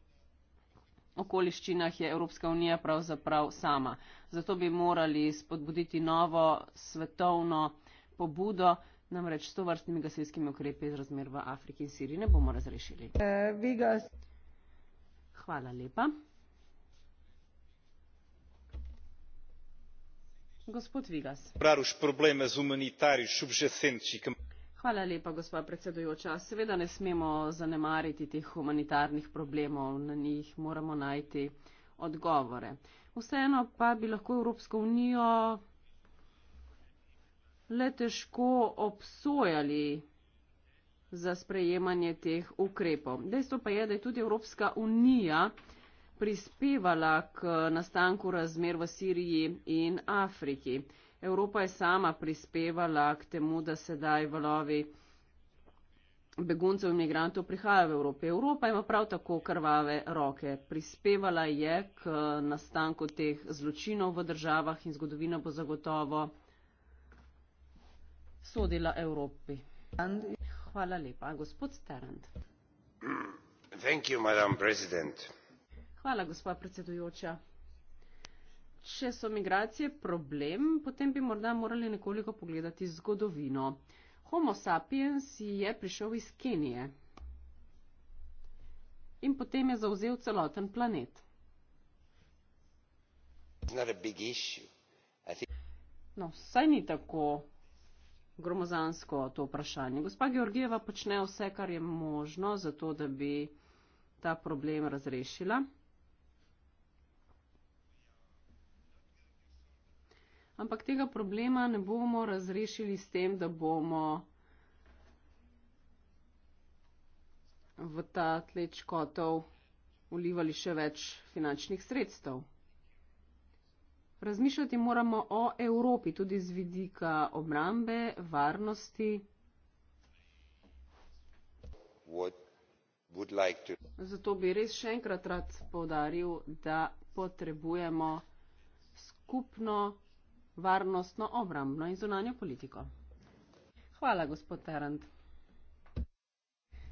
okoliščinah je Evropska unija pravzaprav sama. Zato bi morali spodbuditi novo svetovno pobudo, namreč s to vrstnimi gasilskimi ukrepi iz razmer v Afriki in Siriji ne bomo razrešili. Eh, Hvala lepa. Gospod Vigas. Hvala lepa, gospa predsedujoča. Seveda ne smemo zanemariti teh humanitarnih problemov, na njih moramo najti odgovore. Vseeno pa bi lahko Evropsko unijo le težko obsojali za sprejemanje teh ukrepov. Dejstvo pa je, da je tudi Evropska unija prispevala k nastanku razmer v Siriji in Afriki. Evropa je sama prispevala k temu, da sedaj valovi beguncev in migrantov prihajajo v Evropi. Evropa ima prav tako krvave roke. Prispevala je k nastanku teh zločinov v državah in zgodovina bo zagotovo sodila Evropi. Hvala lepa, gospod Sterand. Hvala, gospod predsedujoča če so migracije problem, potem bi morda morali nekoliko pogledati zgodovino. Homo sapiens je prišel iz Kenije in potem je zauzel celoten planet. No, saj ni tako gromozansko to vprašanje. Gospa Georgijeva počne vse, kar je možno, zato da bi ta problem razrešila. ampak tega problema ne bomo razrešili s tem, da bomo v ta tleč kotov ulivali še več finančnih sredstev. Razmišljati moramo o Evropi tudi z vidika obrambe, varnosti. Like to... Zato bi res še enkrat rad povdaril, da potrebujemo skupno varnostno, obrambno in zunanjo politiko. Hvala, gospod Terant.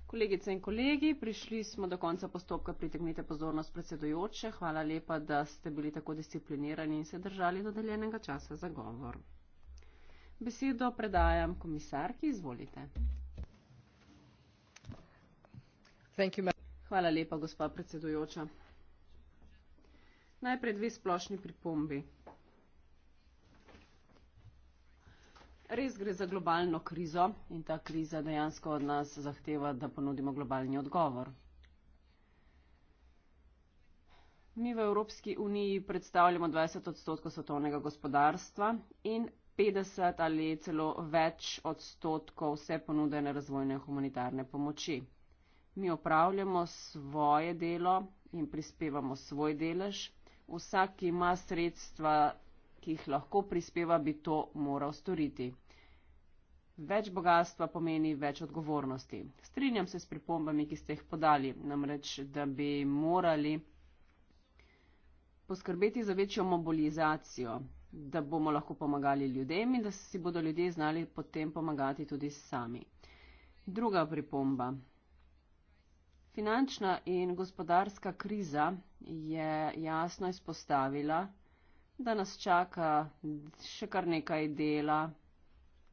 Kolegice in kolegi, prišli smo do konca postopka, pritegnite pozornost predsedujoče. Hvala lepa, da ste bili tako disciplinirani in se držali dodeljenega časa za govor. Besedo predajam komisarki, izvolite. You, Hvala lepa, gospa predsedujoča. Najprej dve splošni pripombi. Res gre za globalno krizo in ta kriza dejansko od nas zahteva, da ponudimo globalni odgovor. Mi v Evropski uniji predstavljamo 20 odstotkov svetovnega gospodarstva in 50 ali celo več odstotkov vse ponudene razvojne humanitarne pomoči. Mi opravljamo svoje delo in prispevamo svoj delež. Vsak, ki ima sredstva ki jih lahko prispeva, bi to moral storiti. Več bogatstva pomeni več odgovornosti. Strinjam se s pripombami, ki ste jih podali, namreč, da bi morali poskrbeti za večjo mobilizacijo, da bomo lahko pomagali ljudem in da si bodo ljudje znali potem pomagati tudi sami. Druga pripomba. Finančna in gospodarska kriza je jasno izpostavila, da nas čaka še kar nekaj dela,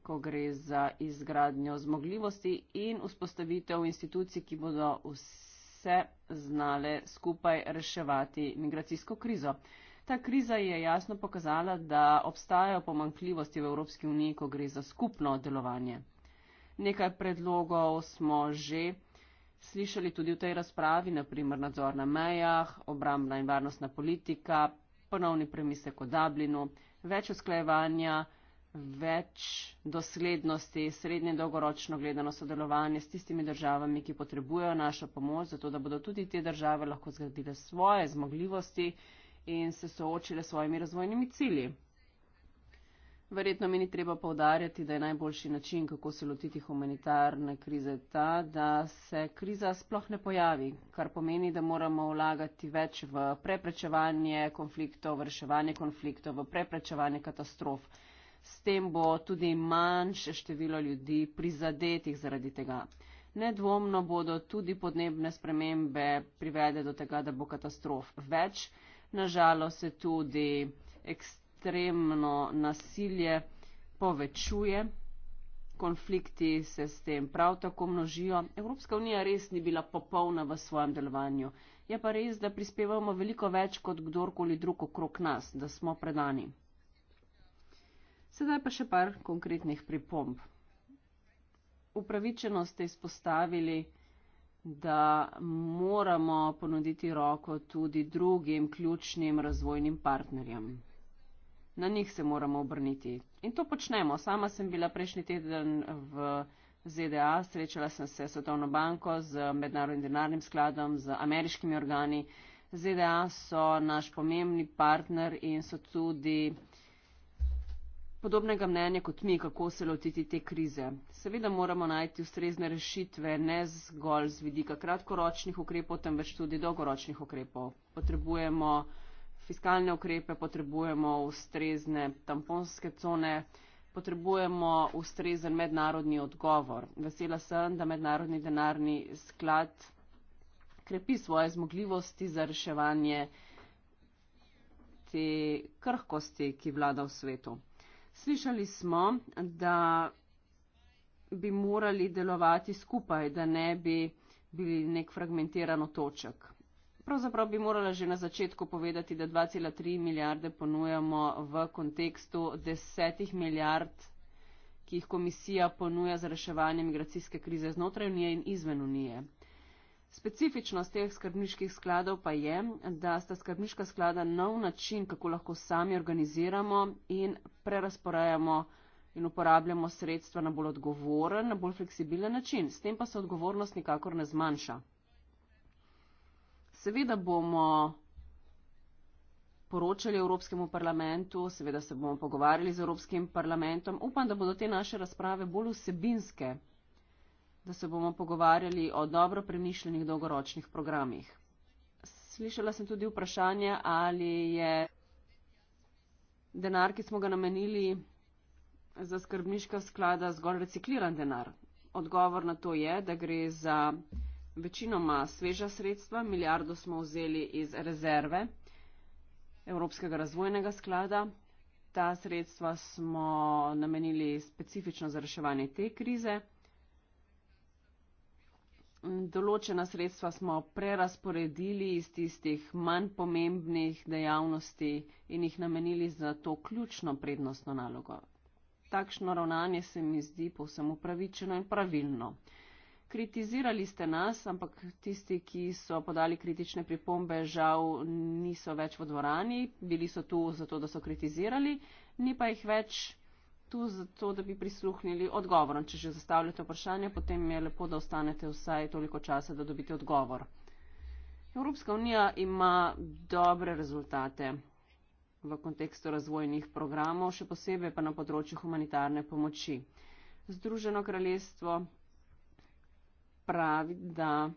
ko gre za izgradnjo zmogljivosti in vzpostavitev institucij, ki bodo vse znale skupaj reševati migracijsko krizo. Ta kriza je jasno pokazala, da obstajajo pomankljivosti v Evropski uniji, ko gre za skupno delovanje. Nekaj predlogov smo že slišali tudi v tej razpravi, naprimer nadzor na mejah, obrambna in varnostna politika, ponovni premisek o Dublinu, več usklajevanja, več doslednosti, srednje dolgoročno gledano sodelovanje s tistimi državami, ki potrebujejo našo pomoč, zato da bodo tudi te države lahko zgradile svoje zmogljivosti in se soočile s svojimi razvojnimi cilji. Verjetno mi ni treba povdarjati, da je najboljši način, kako se lotiti humanitarne krize, ta, da se kriza sploh ne pojavi, kar pomeni, da moramo vlagati več v preprečevanje konfliktov, v reševanje konfliktov, v preprečevanje katastrof. S tem bo tudi manjše število ljudi prizadetih zaradi tega. Nedvomno bodo tudi podnebne spremembe privede do tega, da bo katastrof več. Nažalost se tudi ekstremno ekstremno nasilje povečuje, konflikti se s tem prav tako množijo. Evropska unija res ni bila popolna v svojem delovanju. Je pa res, da prispevamo veliko več kot kdorkoli drug okrog nas, da smo predani. Sedaj pa še par konkretnih pripomb. Upravičeno ste izpostavili, da moramo ponuditi roko tudi drugim ključnim razvojnim partnerjem. Na njih se moramo obrniti. In to počnemo. Sama sem bila prejšnji teden v ZDA, srečala sem se s Svetovno banko, z Mednarodnim denarnim skladom, z ameriškimi organi. ZDA so naš pomembni partner in so tudi podobnega mnenja kot mi, kako se lotiti te krize. Seveda moramo najti ustrezne rešitve, ne zgolj z vidika kratkoročnih ukrepov, temveč tudi dolgoročnih ukrepov. Potrebujemo fiskalne ukrepe, potrebujemo ustrezne tamponske cone, potrebujemo ustrezen mednarodni odgovor. Vesela sem, da mednarodni denarni sklad krepi svoje zmogljivosti za reševanje te krhkosti, ki vlada v svetu. Slišali smo, da bi morali delovati skupaj, da ne bi bili nek fragmentiran otoček. Pravzaprav bi morala že na začetku povedati, da 2,3 milijarde ponujamo v kontekstu desetih milijard, ki jih komisija ponuja za reševanje migracijske krize znotraj unije in izven unije. Specifičnost teh skrbniških skladov pa je, da sta skrbniška sklada nov način, kako lahko sami organiziramo in prerasporajamo in uporabljamo sredstva na bolj odgovoren, na bolj fleksibilen način. S tem pa se odgovornost nikakor ne zmanjša. Seveda bomo poročali Evropskemu parlamentu, seveda se bomo pogovarjali z Evropskim parlamentom. Upam, da bodo te naše razprave bolj vsebinske, da se bomo pogovarjali o dobro premišljenih dolgoročnih programih. Slišala sem tudi vprašanje, ali je denar, ki smo ga namenili za skrbniška sklada, zgolj recikliran denar. Odgovor na to je, da gre za večinoma sveža sredstva. Milijardo smo vzeli iz rezerve Evropskega razvojnega sklada. Ta sredstva smo namenili specifično za reševanje te krize. Določena sredstva smo prerasporedili iz tistih manj pomembnih dejavnosti in jih namenili za to ključno prednostno nalogo. Takšno ravnanje se mi zdi povsem upravičeno in pravilno kritizirali ste nas, ampak tisti, ki so podali kritične pripombe, žal niso več v dvorani, bili so tu zato, da so kritizirali, ni pa jih več tu zato, da bi prisluhnili odgovorom. Če že zastavljate vprašanje, potem je lepo, da ostanete vsaj toliko časa, da dobite odgovor. Evropska unija ima dobre rezultate v kontekstu razvojnih programov, še posebej pa na področju humanitarne pomoči. Združeno kraljestvo pravi, da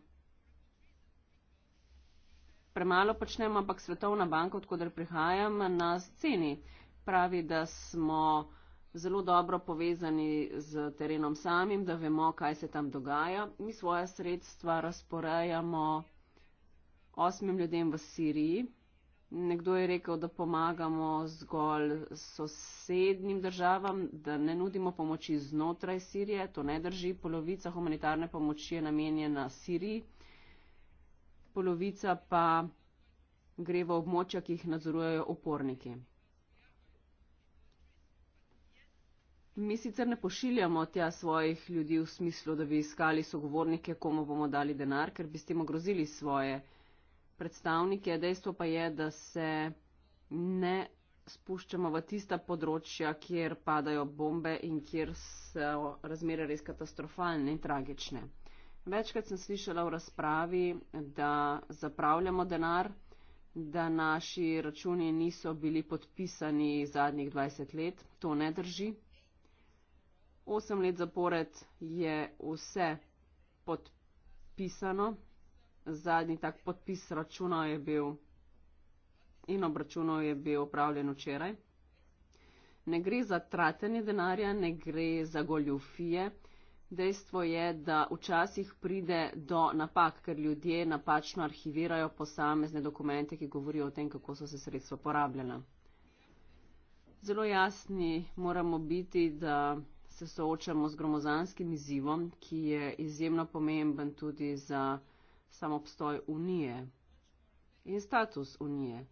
premalo počnemo, ampak Svetovna banka, odkudar prihajam, nas ceni. Pravi, da smo zelo dobro povezani z terenom samim, da vemo, kaj se tam dogaja. Mi svoje sredstva razporejamo osmim ljudem v Siriji. Nekdo je rekel, da pomagamo zgolj sosednjim državam, da ne nudimo pomoči znotraj Sirije. To ne drži. Polovica humanitarne pomoči je namenjena Siriji, polovica pa gre v območja, ki jih nadzorujejo oporniki. Mi sicer ne pošiljamo tja svojih ljudi v smislu, da bi iskali sogovornike, komu bomo dali denar, ker bi s tem ogrozili svoje predstavnike, dejstvo pa je, da se ne spuščamo v tista področja, kjer padajo bombe in kjer so razmere res katastrofalne in tragične. Večkrat sem slišala v razpravi, da zapravljamo denar, da naši računi niso bili podpisani zadnjih 20 let. To ne drži. Osem let zapored je vse podpisano zadnji tak podpis računa je bil in obračuno je bil upravljen včeraj. Ne gre za tratenje denarja, ne gre za goljufije. Dejstvo je, da včasih pride do napak, ker ljudje napačno arhivirajo posamezne dokumente, ki govorijo o tem, kako so se sredstva porabljena. Zelo jasni moramo biti, da se soočamo z gromozanskim izzivom, ki je izjemno pomemben tudi za sam obstoj unije in status unije.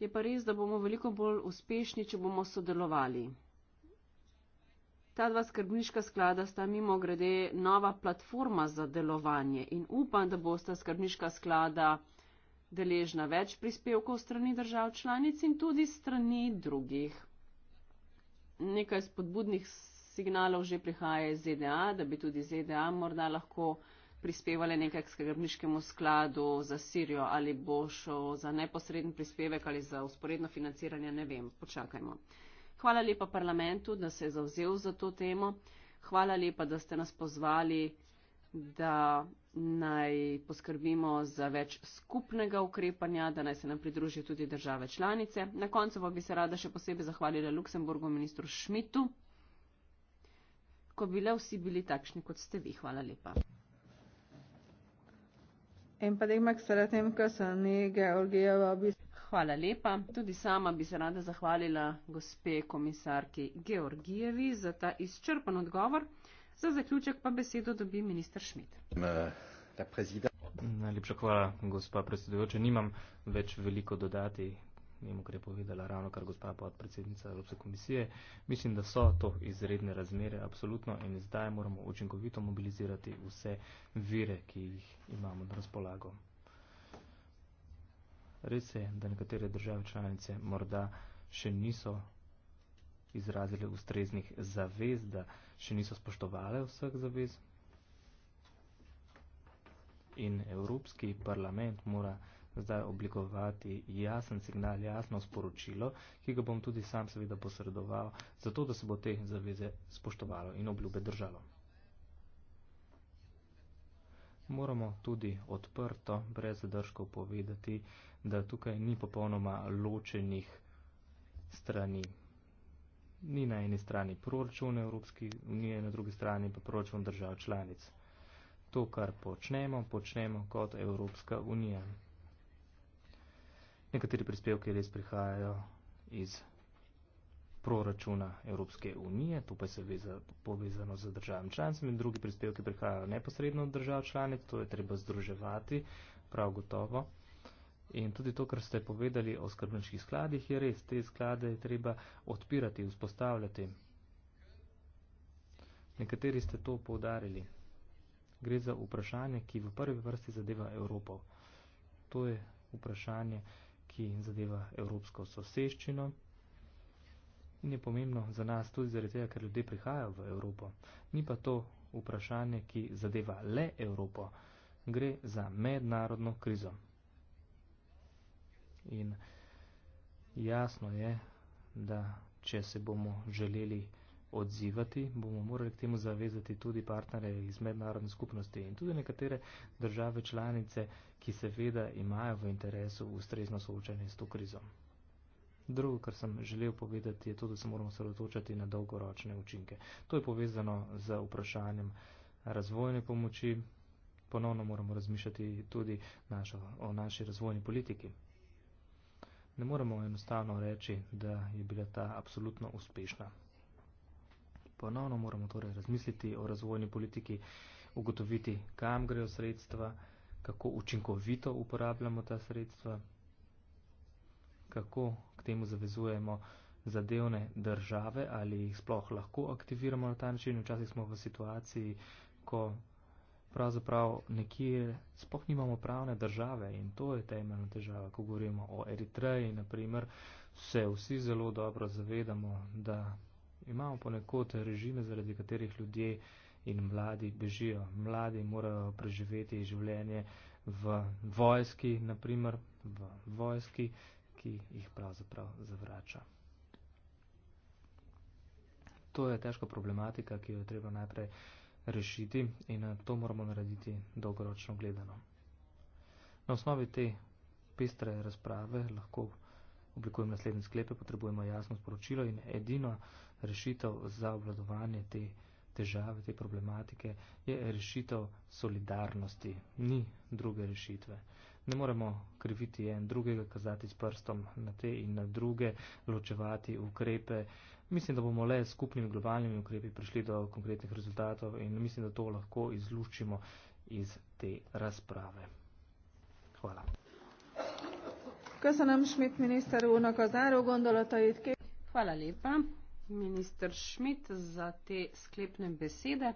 Je pa res, da bomo veliko bolj uspešni, če bomo sodelovali. Ta dva skrbniška sklada sta mimo grede nova platforma za delovanje in upam, da bosta skrbniška sklada deležna več prispevkov strani držav članic in tudi strani drugih. Nekaj spodbudnih signalov že prihaja iz ZDA, da bi tudi ZDA morda lahko prispevale nekaj k skrbniškemu skladu za Sirijo ali bo šel za neposreden prispevek ali za usporedno financiranje, ne vem, počakajmo. Hvala lepa parlamentu, da se je zauzel za to temo. Hvala lepa, da ste nas pozvali, da naj poskrbimo za več skupnega ukrepanja, da naj se nam pridružijo tudi države članice. Na koncu pa bi se rada še posebej zahvalila Luksemburgu ministru Šmitu, ko bi le vsi bili takšni, kot ste vi. Hvala lepa. In pedig meg szeretném köszönni Georgiava Hvala lepa. Tudi sama bi se rada zahvalila gospe komisarki Georgijevi za ta izčrpen odgovor. Za zaključek pa besedo dobi minister Šmit. Najlepša hvala, gospa predsedujoča. Nimam več veliko dodati mimo kar je povedala ravno kar gospa podpredsednica Evropske komisije, mislim, da so to izredne razmere, absolutno, in zdaj moramo učinkovito mobilizirati vse vire, ki jih imamo na razpolago. Res je, da nekatere države članice morda še niso izrazile ustreznih zavez, da še niso spoštovale vseh zavez. In Evropski parlament mora zdaj oblikovati jasen signal, jasno sporočilo, ki ga bom tudi sam seveda posredoval, zato da se bo te zaveze spoštovalo in obljube držalo. Moramo tudi odprto, brez zadržkov povedati, da tukaj ni popolnoma ločenih strani. Ni na eni strani proračun Evropske unije, na drugi strani pa proračun držav članic. To, kar počnemo, počnemo kot Evropska unija. Nekateri prispevki res prihajajo iz proračuna Evropske unije, to pa je seveda povezano z državami članicami, drugi prispevki prihajajo neposredno od držav članic, to je treba združevati, prav gotovo. In tudi to, kar ste povedali o skrbniških skladih, je res, te sklade je treba odpirati, vzpostavljati. Nekateri ste to poudarili. Gre za vprašanje, ki v prvi vrsti zadeva Evropo. To je vprašanje, ki ki zadeva evropsko soseščino. In je pomembno za nas tudi zaradi tega, ker ljudje prihajajo v Evropo. Ni pa to vprašanje, ki zadeva le Evropo. Gre za mednarodno krizo. In jasno je, da če se bomo želeli odzivati, bomo morali k temu zavezati tudi partnere iz mednarodne skupnosti in tudi nekatere države članice, ki seveda imajo v interesu ustrezno soočanje s to krizo. Drugo, kar sem želel povedati, je to, da se moramo sredotočati na dolgoročne učinke. To je povezano z vprašanjem razvojne pomoči. Ponovno moramo razmišljati tudi našo, o naši razvojni politiki. Ne moremo enostavno reči, da je bila ta absolutno uspešna ponovno moramo torej razmisliti o razvojni politiki, ugotoviti, kam grejo sredstva, kako učinkovito uporabljamo ta sredstva, kako k temu zavezujemo zadevne države ali jih sploh lahko aktiviramo na ta način. Včasih smo v situaciji, ko pravzaprav nekje sploh nimamo pravne države in to je temeljna težava. Ko govorimo o Eritreji, naprimer, se vsi zelo dobro zavedamo, da Imamo ponekod režime, zaradi katerih ljudje in mladi bežijo. Mladi morajo preživeti življenje v vojski, naprimer v vojski, ki jih pravzaprav zavrača. To je težka problematika, ki jo je treba najprej rešiti in eh, to moramo narediti dolgoročno gledano. Na osnovi te pestre razprave lahko oblikujem naslednje sklepe, potrebujemo jasno sporočilo in edino, rešitev za obvladovanje te težave, te problematike, je rešitev solidarnosti. Ni druge rešitve. Ne moremo kriviti en drugega, kazati s prstom na te in na druge, ločevati ukrepe. Mislim, da bomo le s skupnimi globalnimi ukrepi prišli do konkretnih rezultatov in mislim, da to lahko izluščimo iz te razprave. Hvala. Köszönöm, Schmidt miniszter úrnak az áró gondolatait. Hvala lépa minister Šmit za te sklepne besede.